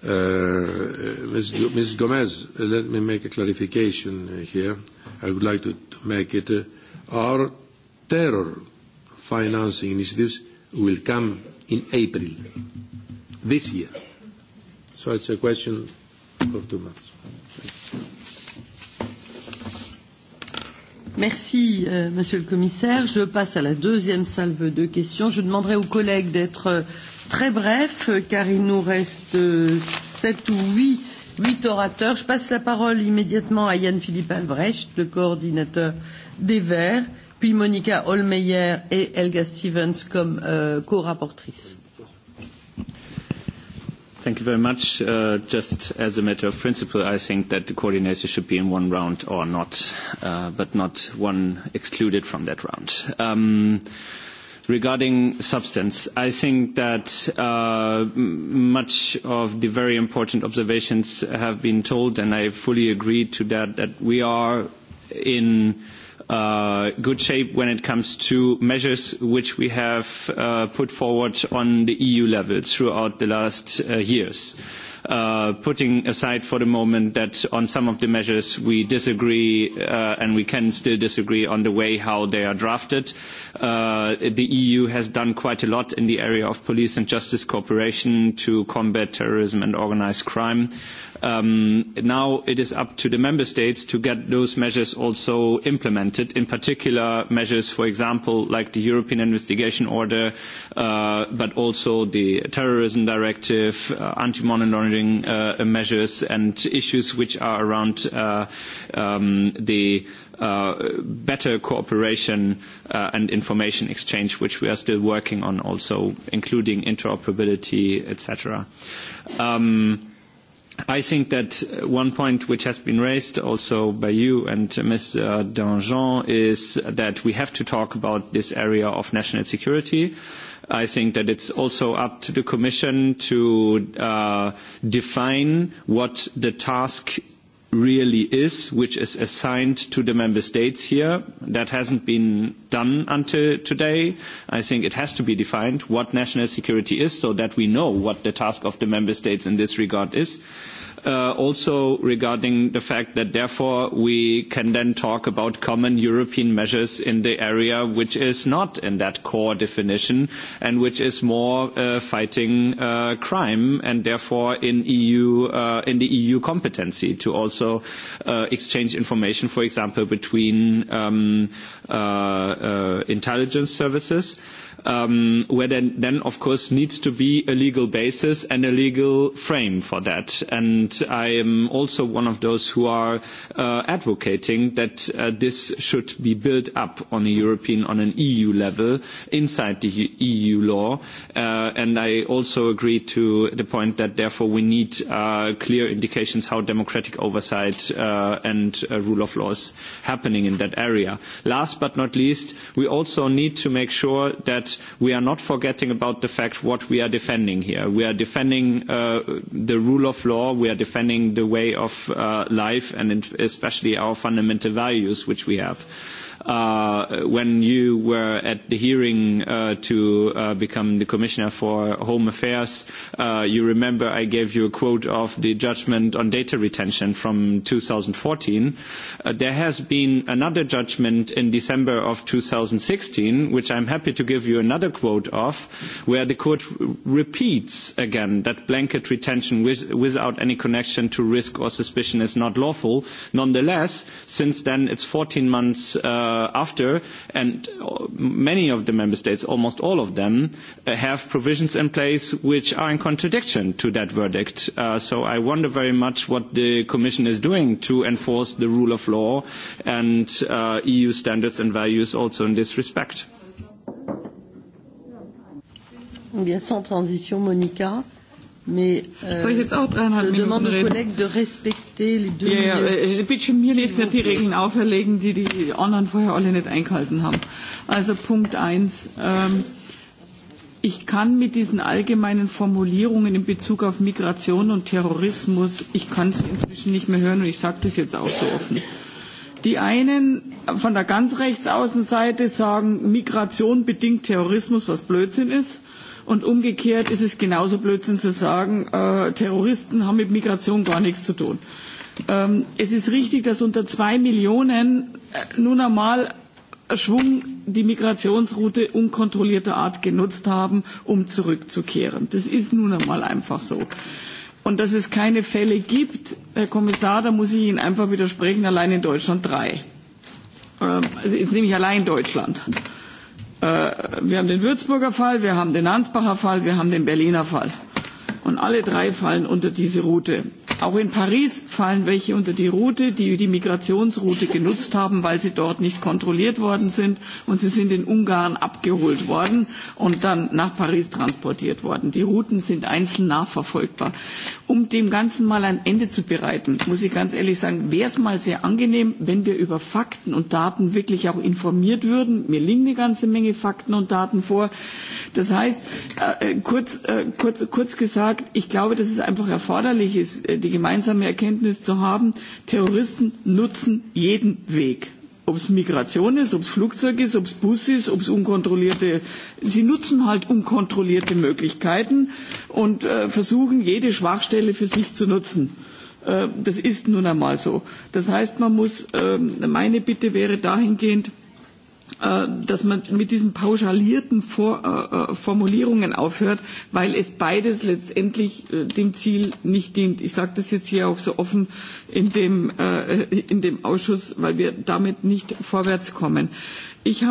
Ms. Gomez, let me make a clarification here. I would like to make it. Our terror financing initiatives will come in April this year. So it's a question of two months. Merci, euh, Monsieur le Commissaire. Je passe à la deuxième salve de questions. Je demanderai aux collègues d'être très brefs, car il nous reste sept ou huit, huit orateurs. Je passe la parole immédiatement à Yann Philippe Albrecht, le coordinateur des Verts, puis Monica Holmeyer et Helga Stevens comme euh, co-rapportrices. Thank you very much. Just as a matter of principle, I think that the coordinator should be in one round or not, but not one excluded from that round. Regarding substance, I think that much of the very important observations have been told, and I fully agree to that, that we are in uh, good shape when it comes to measures which we have uh, put forward on the EU level throughout the last uh, years. Uh, putting aside for the moment that on some of the measures we disagree uh, and we can still disagree on the way how they are drafted. Uh, the EU has done quite a lot in the area of police and justice cooperation to combat terrorism and organized crime now it is up to the member states to get those measures also implemented, in particular measures, for example, like the European Investigation Order, but also the Terrorism Directive, anti-money laundering measures, and issues which are around the better cooperation and information exchange, which we are still working on also, including interoperability, etc. Um, I think that one point which has been raised also by you and Mr. Danjean is that we have to talk about this area of national security. I think that it's also up to the Commission to define what the task really is, which is assigned to the member states here. That hasn't been done until today. I think it has to be defined what national security is so that we know what the task of the member states in this regard is also regarding the fact that therefore we can then talk about common European measures in the area which is not in that core definition and which is more fighting crime and therefore in the EU competency to also exchange information, for example, between intelligence services where then, of course, needs to be a legal basis and a legal frame for that. And I am also one of those who are advocating that this should be built up on a European, on an EU level, inside the EU law. and I also agree to the point that, therefore, we need clear indications how democratic oversight and rule of law is happening in that area. Last but not least, we also need to make sure that we are not forgetting about the fact what we are defending here. We are defending the rule of law, we are defending the way of life, and especially our fundamental values which we have when you were at the hearing to become the Commissioner for Home Affairs, you remember I gave you a quote of the judgment on data retention from 2014. There has been another judgment in December of 2016, which I'm happy to give you another quote of, where the court repeats again that blanket retention without any connection to risk or suspicion is not lawful. Nonetheless, since then, it's 14 months uh, after, and many of the member states, almost all of them, have provisions in place which are in contradiction to that verdict. so I wonder very much what the Commission is doing to enforce the rule of law and EU standards and values also in this respect. Bien, sans transition, Monica. Mais euh, Soll ich jetzt auch dreieinhalb je Minuten reden? de les deux ja, ja, bitte mir jetzt nicht die Regeln auferlegen, die die anderen vorher alle nicht eingehalten haben. Also Punkt eins Ähm, ich kann mit diesen allgemeinen Formulierungen in Bezug auf Migration und Terrorismus, ich kann es inzwischen nicht mehr hören und ich sage das jetzt auch so offen. Die einen von der ganz Rechtsaußenseite sagen, Migration bedingt Terrorismus, was Blödsinn ist. Und umgekehrt ist es genauso Blödsinn zu sagen, Terroristen haben mit Migration gar nichts zu tun. es ist richtig, dass unter zwei Millionen nun einmal Schwung die Migrationsroute unkontrollierter Art genutzt haben, um zurückzukehren. Das ist nun einmal einfach so. Und dass es keine Fälle gibt, Herr Kommissar, da muss ich Ihnen einfach widersprechen, allein in Deutschland drei. Also ist nämlich allein Deutschland wir haben den Würzburger Fall, wir haben den Ansbacher Fall, wir haben den Berliner Fall. Und alle drei fallen unter diese Route. Auch in Paris fallen welche unter die Route, die die Migrationsroute genutzt haben, weil sie dort nicht kontrolliert worden sind und sie sind in Ungarn abgeholt worden und dann nach Paris transportiert worden. Die Routen sind einzeln nachverfolgbar um dem Ganzen mal ein Ende zu bereiten, muss ich ganz ehrlich sagen, wäre es mal sehr angenehm, wenn wir über Fakten und Daten wirklich auch informiert würden. Mir liegen eine ganze Menge Fakten und Daten vor. Das heißt, kurz, gesagt, ich glaube, dass es einfach erforderlich ist, die gemeinsame Erkenntnis zu haben, Terroristen nutzen jeden Weg ob es Migration ist, ob es Flugzeug ist, ob es Bus ist, ob es unkontrollierte. Sie nutzen halt unkontrollierte Möglichkeiten und versuchen, jede Schwachstelle für sich zu nutzen. Das ist nun einmal so. Das heißt, man muss, meine Bitte wäre dahingehend, dass man mit diesen pauschalierten Formulierungen aufhört, weil es beides letztendlich dem Ziel nicht dient. Ich sage das jetzt hier auch so offen in dem, Ausschuss, weil wir damit nicht vorwärtskommen. Ich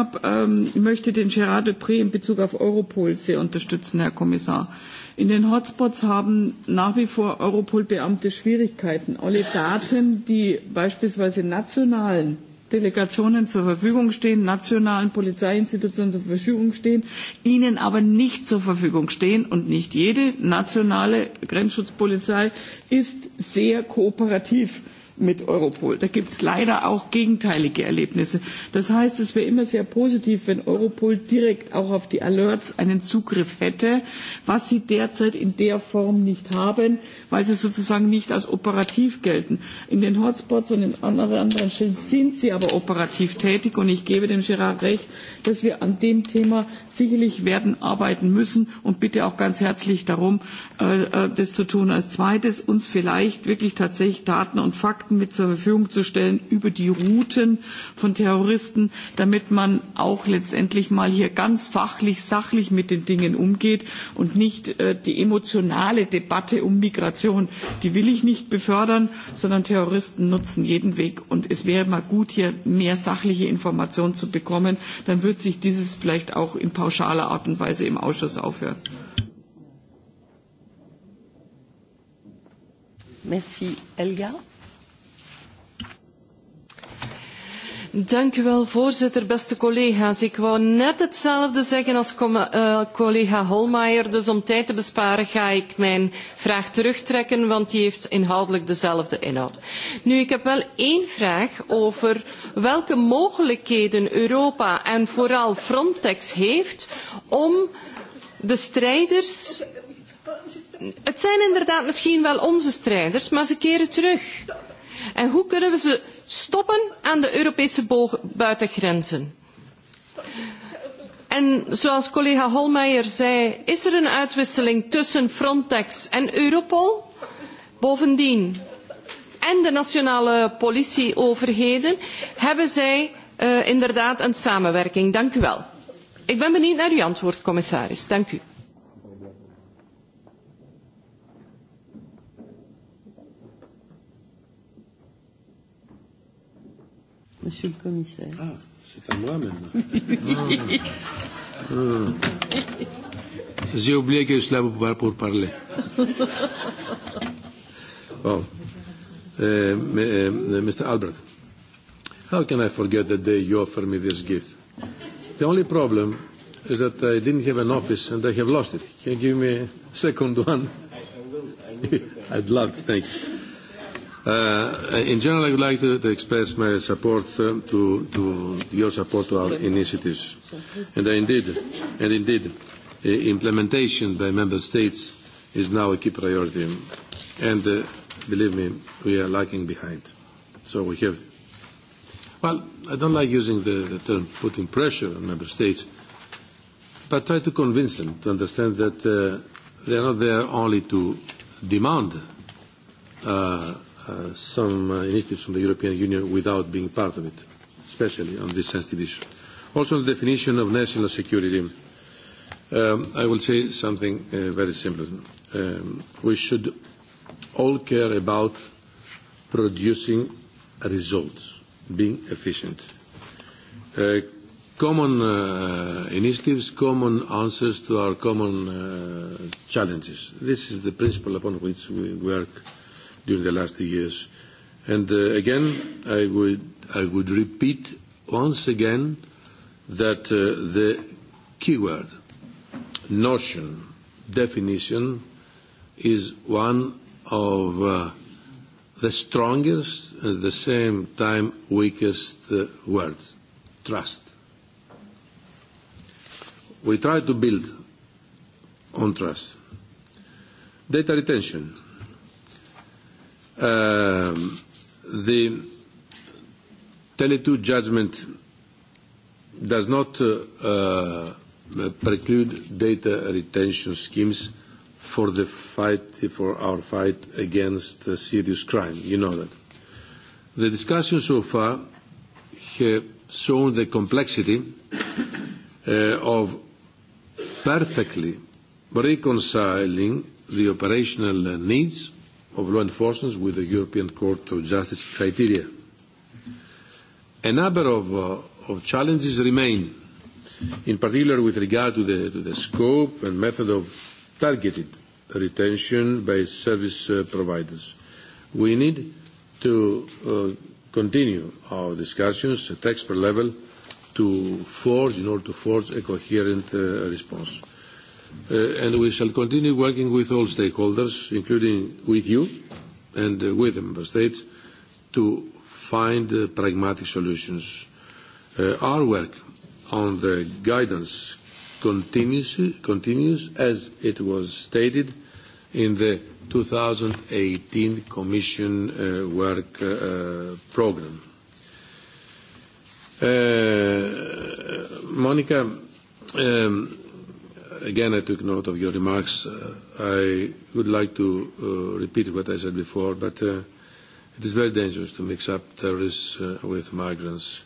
möchte den Gerard Depré in Bezug auf Europol sehr unterstützen, Herr Kommissar. In den Hotspots haben nach wie vor Europol-Beamte Schwierigkeiten. Alle Daten, die beispielsweise nationalen Delegationen zur Verfügung stehen, nationalen Polizeiinstitutionen zur Verfügung stehen, ihnen aber nicht zur Verfügung stehen. Und nicht jede nationale Grenzschutzpolizei ist sehr kooperativ mit Europol. Da gibt es leider auch gegenteilige Erlebnisse. Das heißt, es wäre immer sehr positiv, wenn Europol direkt auch auf die Alerts einen Zugriff hätte, was sie derzeit in der Form nicht haben, weil sie sozusagen nicht als operativ gelten. In den Hotspots und in anderen Stellen sind sie aber operativ tätig und ich gebe dem Gerard recht, dass wir an dem Thema sicherlich werden arbeiten müssen und bitte auch ganz herzlich darum, das zu tun. Als zweites uns vielleicht wirklich tatsächlich Daten und Fakten Daten mit zur Verfügung zu stellen über die Routen von Terroristen, damit man auch letztendlich mal hier ganz fachlich, sachlich mit den Dingen umgeht und nicht die emotionale Debatte um Migration, die will ich nicht befördern, sondern Terroristen nutzen jeden Weg. Und es wäre mal gut, hier mehr sachliche Informationen zu bekommen. Dann wird sich dieses vielleicht auch in pauschaler Art und Weise im Ausschuss aufhören. Merci. Elga? Dank u wel, voorzitter. Beste collega's, ik wou net hetzelfde zeggen als collega Holmeijer. Dus om tijd te besparen ga ik mijn vraag terugtrekken, want die heeft inhoudelijk dezelfde inhoud. Nu, ik heb wel één vraag over welke mogelijkheden Europa en vooral Frontex heeft om de strijders... Het zijn inderdaad misschien wel onze strijders, maar ze keren terug. En hoe kunnen we ze stoppen aan de Europese buitengrenzen? En zoals collega Holmeijer zei, is er een uitwisseling tussen Frontex en Europol. Bovendien, en de nationale politieoverheden, hebben zij inderdaad een samenwerking. Dank u wel. Ik ben benieuwd naar uw antwoord, commissaris. Dank u. Monsieur le commissaire. Ah, c'est à moi maintenant. J'ai oublié que je suis là pour parler. Well, Euh, Mr. Albert, how can I forget the day you offered me this gift? The only problem is that I didn't have an office and I have lost it. Can you give me a second one? I, I will. I will I'd love to. Thank you in general, I would like to, to express my support to, to your support to our initiatives. And indeed, and indeed, implementation by member states is now a key priority. And uh, believe me, we are lagging behind. So we have. Well, I don't like using the, the term putting pressure on member states, but try to convince them to understand that uh, they are not there only to demand. Uh, some uh, initiatives from the European Union without being part of it, especially on this sensitive issue. Also, on the definition of national security. Um, I will say something uh, very simple. Um, we should all care about producing results, being efficient. Uh, common uh, initiatives, common answers to our common uh, challenges. This is the principle upon which we work during the last years. And uh, again, I would, I would repeat once again that uh, the keyword, notion, definition is one of uh, the strongest and at the same time weakest uh, words, trust. We try to build on trust. Data retention the Tele2 judgment does not uh, preclude data retention schemes for the fight for our fight against serious crime. You know that. The discussion so far have shown the complexity uh, of perfectly reconciling the operational needs of law enforcement with the European Court of Justice criteria. A number of, uh, of challenges remain, in particular with regard to the, to the scope and method of targeted retention by service uh, providers. We need to uh, continue our discussions at expert level to forge, in order to forge a coherent uh, response and we shall continue working with all stakeholders, including with you and with the member states, to find pragmatic solutions. Our work on the guidance continues as it was stated in the 2018 Commission work programme. Monica, again, I took note of your remarks. I would like to repeat what I said before, but it is very dangerous to mix up terrorists with migrants.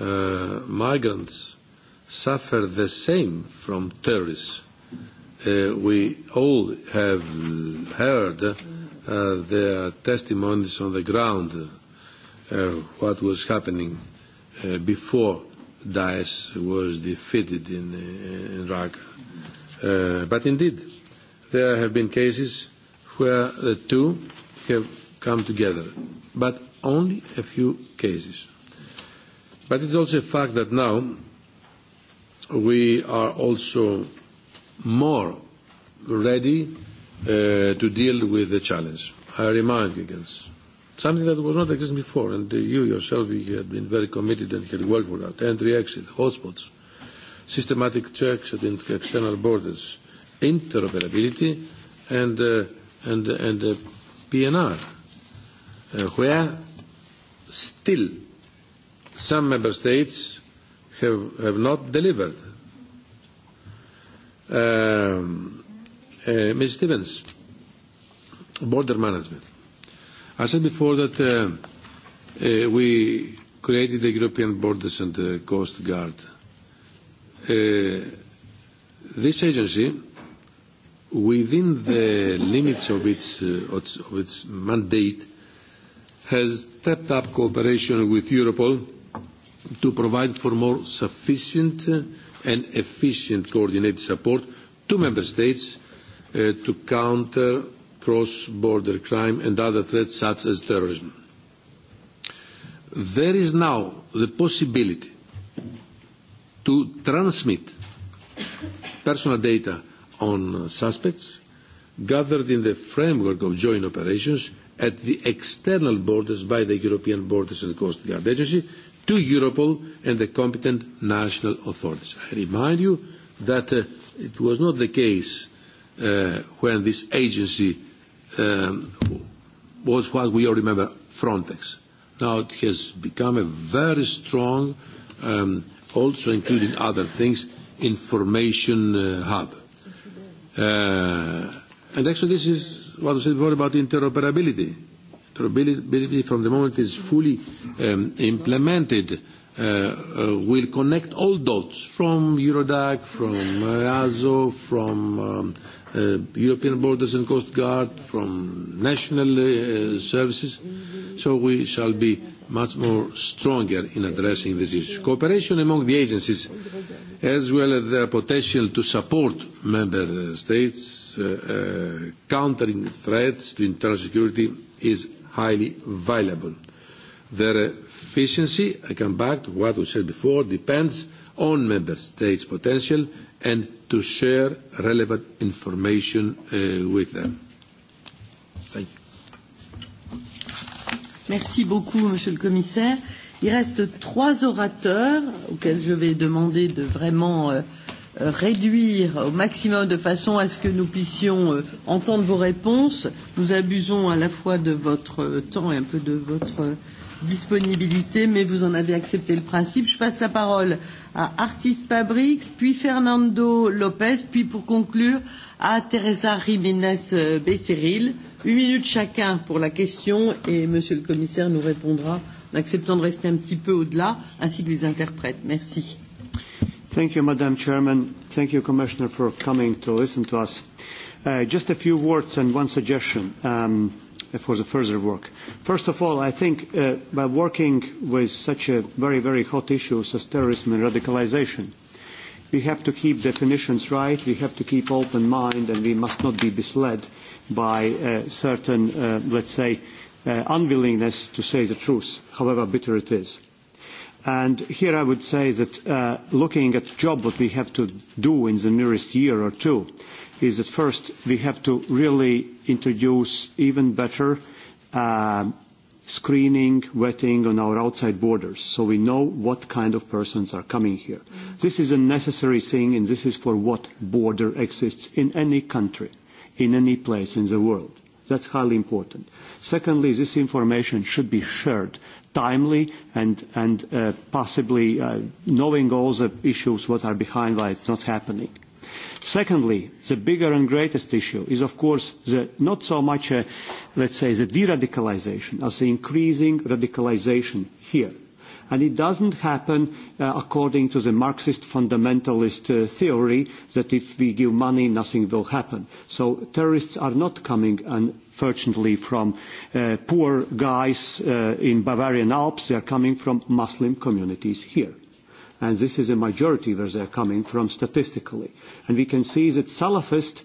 Migrants suffer the same from terrorists. We all have heard their testimonies on the ground, what was happening before Daesh was defeated in Iraq But indeed, there have been cases where the two have come together, but only a few cases. But it's also a fact that now we are also more ready to deal with the challenge. I remind you again, something that was not existing before, and you yourself you had been very committed and had worked for that. Entry, exit, hotspots, systematic checks at external borders, interoperability, and, uh, and, and uh, PNR, uh, where still some member states have, have not delivered. Um, uh, Ms. Stevens, border management. I said before that uh, uh, we created the European Borders and the Coast Guard This agency, within the limits of its of its mandate, has stepped up cooperation with Europol to provide for more sufficient and efficient coordinated support to member states to counter cross-border crime and other threats such as terrorism. There is now the possibility to transmit personal data on suspects gathered in the framework of joint operations at the external borders by the European Borders and Coast Guard Agency to Europol and the competent national authorities. I remind you that uh, it was not the case uh, when this agency um, was what we all remember, Frontex. Now it has become a very strong um, also including other things, information hub. and actually this is what I said before about interoperability. Interoperability from the moment it's fully implemented will connect all dots from Eurodac, from EASO, from um uh, European Borders and Coast Guard, from national uh, services. So we shall be much more stronger in addressing this issue. Cooperation among the agencies, as well as their potential to support member states uh, uh, countering threats to internal security, is highly valuable. Their efficiency, I come back to what we said before, depends on member states' potential and to share relevant information with them. Thank you. Merci beaucoup, Monsieur le Commissaire. Il reste trois orateurs auxquels je vais demander de vraiment réduire au maximum de façon à ce que nous puissions entendre vos réponses. Nous abusons à la fois de votre temps et un peu de votre disponibilité, mais vous en avez accepté le principe. Je passe la parole à Artis Pabrix, puis Fernando Lopez, puis pour conclure à Teresa Jiménez Becerril. Une minute chacun pour la question et Monsieur le Commissaire nous répondra en acceptant de rester un petit peu au-delà, ainsi que les interprètes. Merci. Thank you, Madam Chairman. Thank you, Commissioner, for coming to listen to us. Uh, just a few words and one suggestion. Um, for the further work. First of all, I think uh, by working with such a very, very hot issues as terrorism and radicalization, we have to keep definitions right, we have to keep open mind, and we must not be misled by uh, certain, uh, let's say, uh, unwillingness to say the truth, however bitter it is. And here I would say that looking at job, what we have to do in the nearest year or two is that first we have to really introduce even better screening, vetting on our outside borders so we know what kind of persons are coming here. This is a necessary thing and this is for what border exists in any country, in any place in the world. That's highly important. Secondly, this information should be shared timely and, and uh, possibly uh, knowing all the issues what are behind why it's not happening. Secondly, the bigger and greatest issue is, of course, the, not so much, let's say, the de-radicalization as the increasing radicalization here. And it doesn't happen uh, according to the Marxist fundamentalist uh, theory that if we give money, nothing will happen. So terrorists are not coming and fortunately from poor guys in Bavarian Alps. They are coming from Muslim communities here. And this is a majority where they are coming from statistically. And we can see that Salafist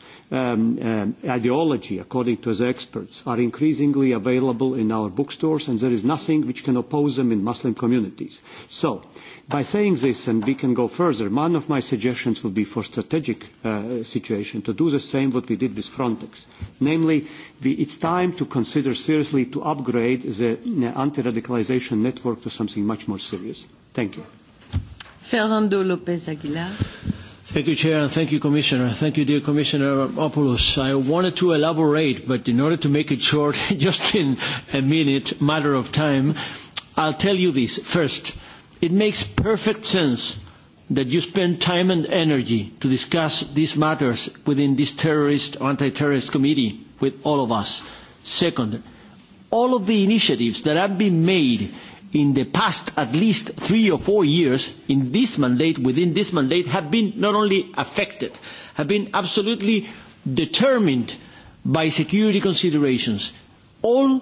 ideology, according to the experts, are increasingly available in our bookstores, and there is nothing which can oppose them in Muslim communities. So By saying this, and we can go further, one of my suggestions would be for strategic uh, situation to do the same what we did with Frontex. Namely, we, it's time to consider seriously to upgrade the anti-radicalization network to something much more serious. Thank you. Fernando Lopez Aguilar. Thank you, Chair, and thank you, Commissioner. Thank you, dear Commissioner Opoulos. I wanted to elaborate, but in order to make it short, just in a minute, matter of time, I'll tell you this. First, It makes perfect sense that you spend time and energy to discuss these matters within this terrorist or anti-terrorist committee with all of us. Second, all of the initiatives that have been made in the past at least three or four years in this mandate, within this mandate, have been not only affected, have been absolutely determined by security considerations. All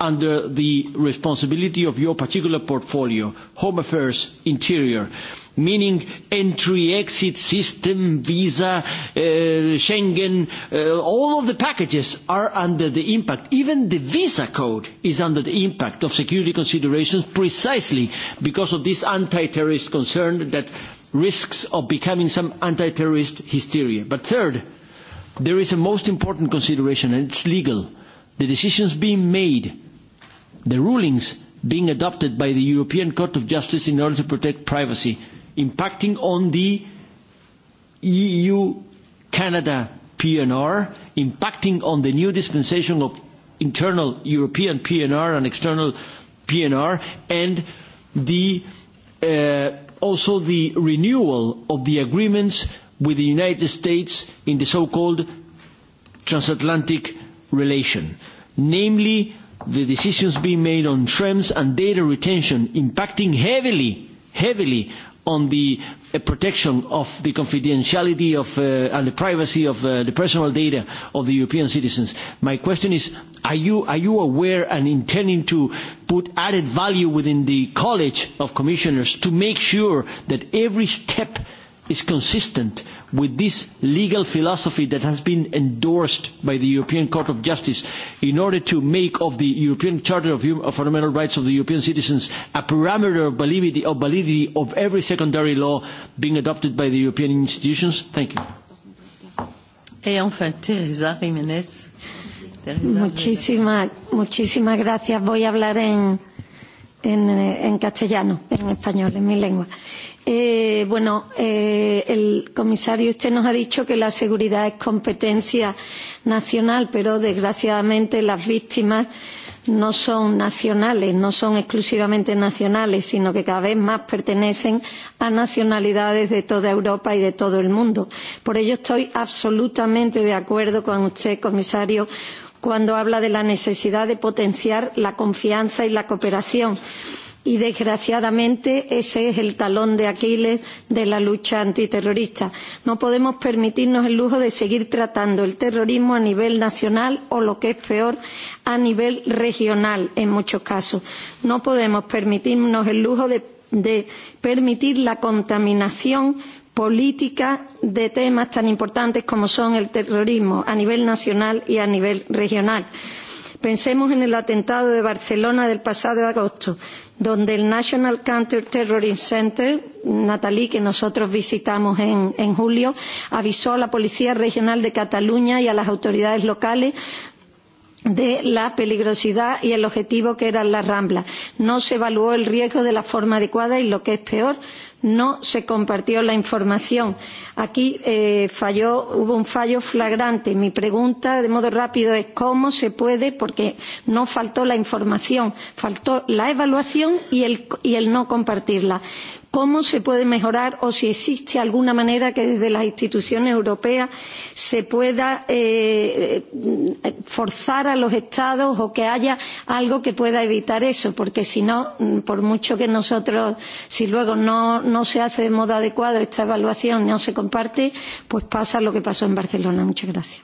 under the responsibility of your particular portfolio, Home Affairs, Interior, meaning entry-exit system, visa, Schengen, all of the packages are under the impact. Even the visa code is under the impact of security considerations precisely because of this anti-terrorist concern that risks of becoming some anti-terrorist hysteria. But third, there is a most important consideration, and it's legal – the decisions being made, the rulings being adopted by the European Court of Justice in order to protect privacy, impacting on the EU-Canada PNR, impacting on the new dispensation of internal European PNR and external PNR, and the, uh, also the renewal of the agreements with the United States in the so-called transatlantic relation, namely the decisions being made on TREMS and data retention impacting heavily, heavily on the protection of the confidentiality of, uh, and the privacy of uh, the personal data of the European citizens. My question is, are you, are you aware and intending to put added value within the College of Commissioners to make sure that every step is consistent with this legal philosophy that has been endorsed by the European Court of Justice in order to make of the European Charter of Fundamental Rights of the European Citizens a parameter of validity of, validity of every secondary law being adopted by the European institutions? Thank you. enfin, Teresa Jiménez. muchísimas gracias. Voy a hablar en en, en castellano, en español, en mi lengua. Eh, bueno, eh, el comisario, usted nos ha dicho que la seguridad es competencia nacional, pero desgraciadamente las víctimas no son nacionales, no son exclusivamente nacionales, sino que cada vez más pertenecen a nacionalidades de toda Europa y de todo el mundo. Por ello estoy absolutamente de acuerdo con usted, comisario cuando habla de la necesidad de potenciar la confianza y la cooperación y desgraciadamente ese es el talón de Aquiles de la lucha antiterrorista. No podemos permitirnos el lujo de seguir tratando el terrorismo a nivel nacional o, lo que es peor, a nivel regional en muchos casos. No podemos permitirnos el lujo de, de permitir la contaminación políticas de temas tan importantes como son el terrorismo a nivel nacional y a nivel regional. Pensemos en el atentado de Barcelona del pasado agosto, donde el National Counter Terrorism Center, Natalie, que nosotros visitamos en, en julio, avisó a la Policía Regional de Cataluña y a las autoridades locales de la peligrosidad y el objetivo que eran las ramblas. No se evaluó el riesgo de la forma adecuada y, lo que es peor, no se compartió la información. Aquí eh, falló, hubo un fallo flagrante. Mi pregunta, de modo rápido, es cómo se puede, porque no faltó la información, faltó la evaluación y el, y el no compartirla. ¿Cómo se puede mejorar o si existe alguna manera que desde las instituciones europeas se pueda eh, forzar a los Estados o que haya algo que pueda evitar eso? Porque si no, por mucho que nosotros, si luego no no se hace de modo adecuado esta evaluación, no se comparte, pues pasa lo que pasó en Barcelona. Muchas gracias.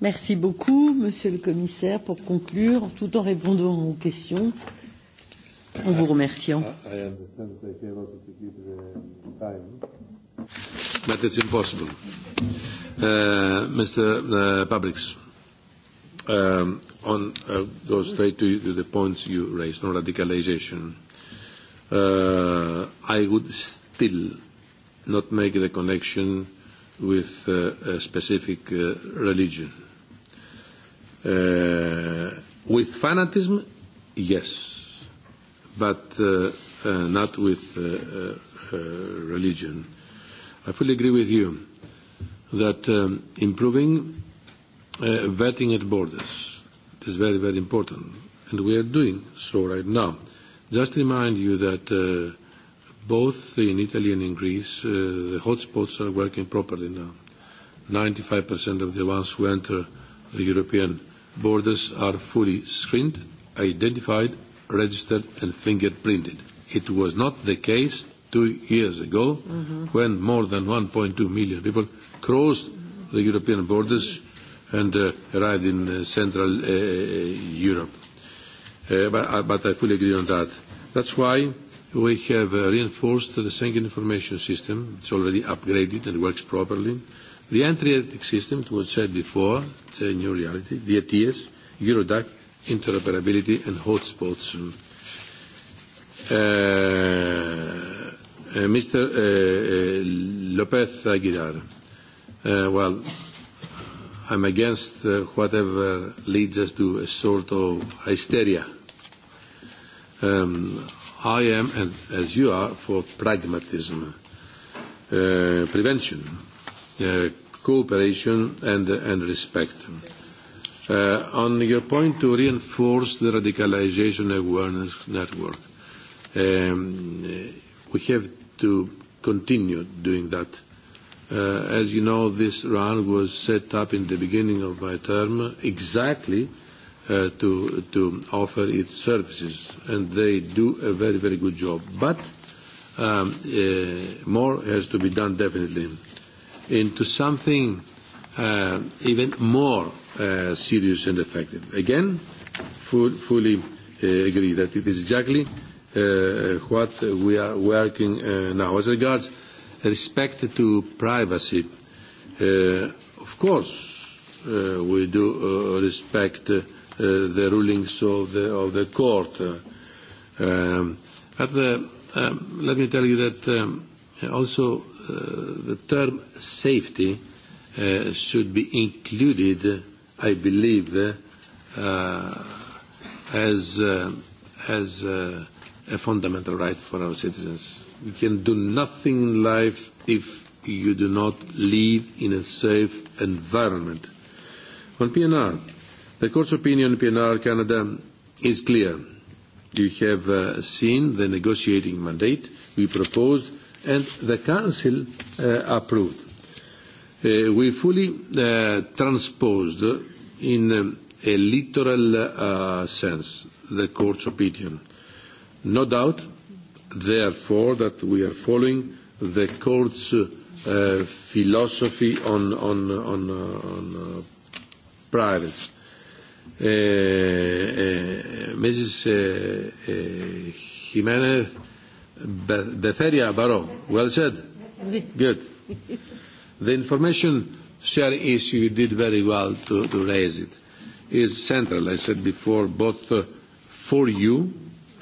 Merci beaucoup, Monsieur le Commissaire, pour conclure, tout en répondant aux questions, en vous remerciant. But it's impossible. Uh, Mr. Uh, Publix, um, on, I'll go straight to, to the points you raised on radicalization uh, I would still not make the connection with uh, a specific uh, religion. Uh, with fanatism, yes, but uh, uh, not with uh, uh, religion. I fully agree with you that um, improving uh, vetting at borders is very, very important, and we are doing so right now Just remind you that both in Italy and in Greece, the hotspots are working properly now. 95% of the ones who enter the European borders are fully screened, identified, registered, and fingerprinted. It was not the case two years ago when more than 1.2 million people crossed the European borders and uh, arrived in uh, Central uh, Europe. Uh, but, but I fully agree on that. That's why we have reinforced the Schengen information system. It's already upgraded and works properly. The entry system, it was said before, it's a new reality. The ETIAS, Eurodac, interoperability and hotspots. Mr. Lopez Aguilar, well, I'm against whatever leads us to a sort of hysteria um, I am, and as you are, for pragmatism, uh, prevention, uh, cooperation, and, and respect. Uh, on your point to reinforce the radicalization awareness network, um, we have to continue doing that. Uh, as you know, this round was set up in the beginning of my term exactly to, to offer its services, and they do a very, very good job. But um, uh, more has to be done definitely into something uh, even more uh, serious and effective. Again, full, fully uh, agree that it is exactly uh, what we are working uh, now. As regards respect to privacy, uh, of course, uh, we do uh, respect uh, the rulings of the, of the court. Um, but uh, um, let me tell you that um, also uh, the term safety uh, should be included, I believe, uh, as, uh, as uh, a fundamental right for our citizens. You can do nothing in life if you do not live in a safe environment. On PNR, The Court's opinion in PNR Canada is clear. You have seen the negotiating mandate we proposed and the Council approved. We fully transposed in a literal sense the Court's opinion. No doubt, therefore, that we are following the Court's philosophy on privacy Mrs. Jimenez Betheria Barrow. Well said. Good. The information share issue, you did very well to, to raise it, is central, I said before, both for you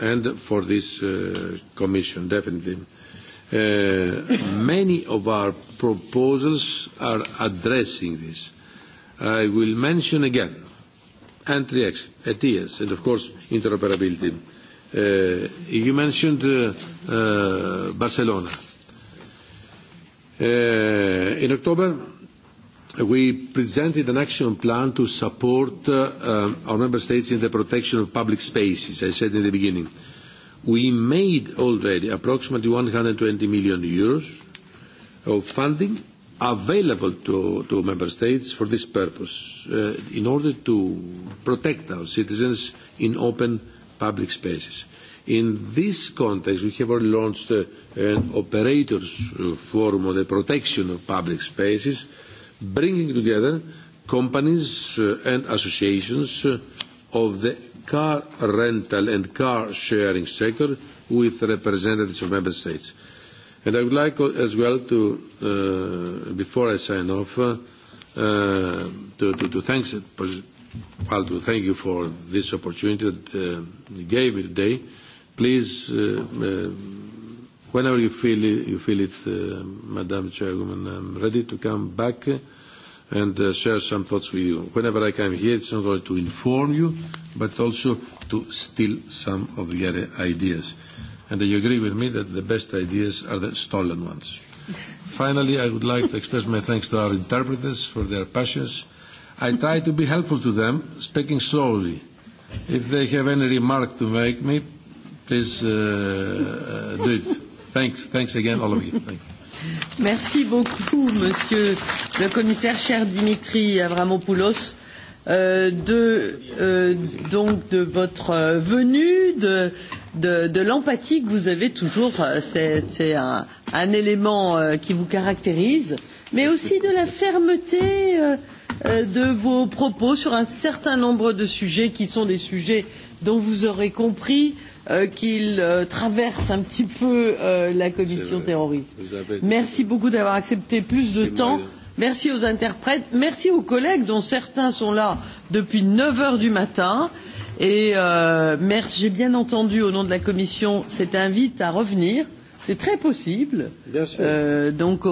and for this uh, Commission, definitely. Uh, many of our proposals are addressing this. I will mention again and reaction, ETIAS, and of course interoperability. Uh, you mentioned uh, uh, Barcelona. Uh, in October, we presented an action plan to support uh, uh, our member states in the protection of public spaces, I said in the beginning. We made already approximately 120 million euros of funding available to, to member states for this purpose uh, in order to protect our citizens in open public spaces. In this context, we have already launched uh, an operators uh, forum on the protection of public spaces, bringing together companies uh, and associations uh, of the car rental and car sharing sector with representatives of member states And I would like as well to, uh, before I sign off, uh, to, to, to thank, well, to thank you for this opportunity that uh, you gave me today. Please, uh, uh, whenever you feel it, you feel it uh, Madam Chairwoman, I'm ready to come back and uh, share some thoughts with you. Whenever I come here, it's not only to inform you, but also to steal some of the other ideas and you agree with me that the best ideas are the stolen ones. Finally, I would like to express my thanks to our interpreters for their passions. I try to be helpful to them, speaking slowly. If they have any remark to make me, please uh, do it. Thanks, thanks again, all of you. Thank you. Merci beaucoup, Monsieur le Commissaire, cher Dimitri Avramopoulos, euh, de, euh, donc de votre venue, de de, de l'empathie que vous avez toujours. C'est un, un élément qui vous caractérise, mais aussi de la fermeté de vos propos sur un certain nombre de sujets qui sont des sujets dont vous aurez compris qu'il traverse un petit peu la commission terrorisme. Merci beaucoup d'avoir accepté plus de temps. Merci aux interprètes. Merci aux collègues dont certains sont là depuis neuf heures du matin. Euh, Et euh, merci, j'ai bien entendu au nom de la Commission cette invite à revenir. C'est très possible. Bien sûr. Euh, donc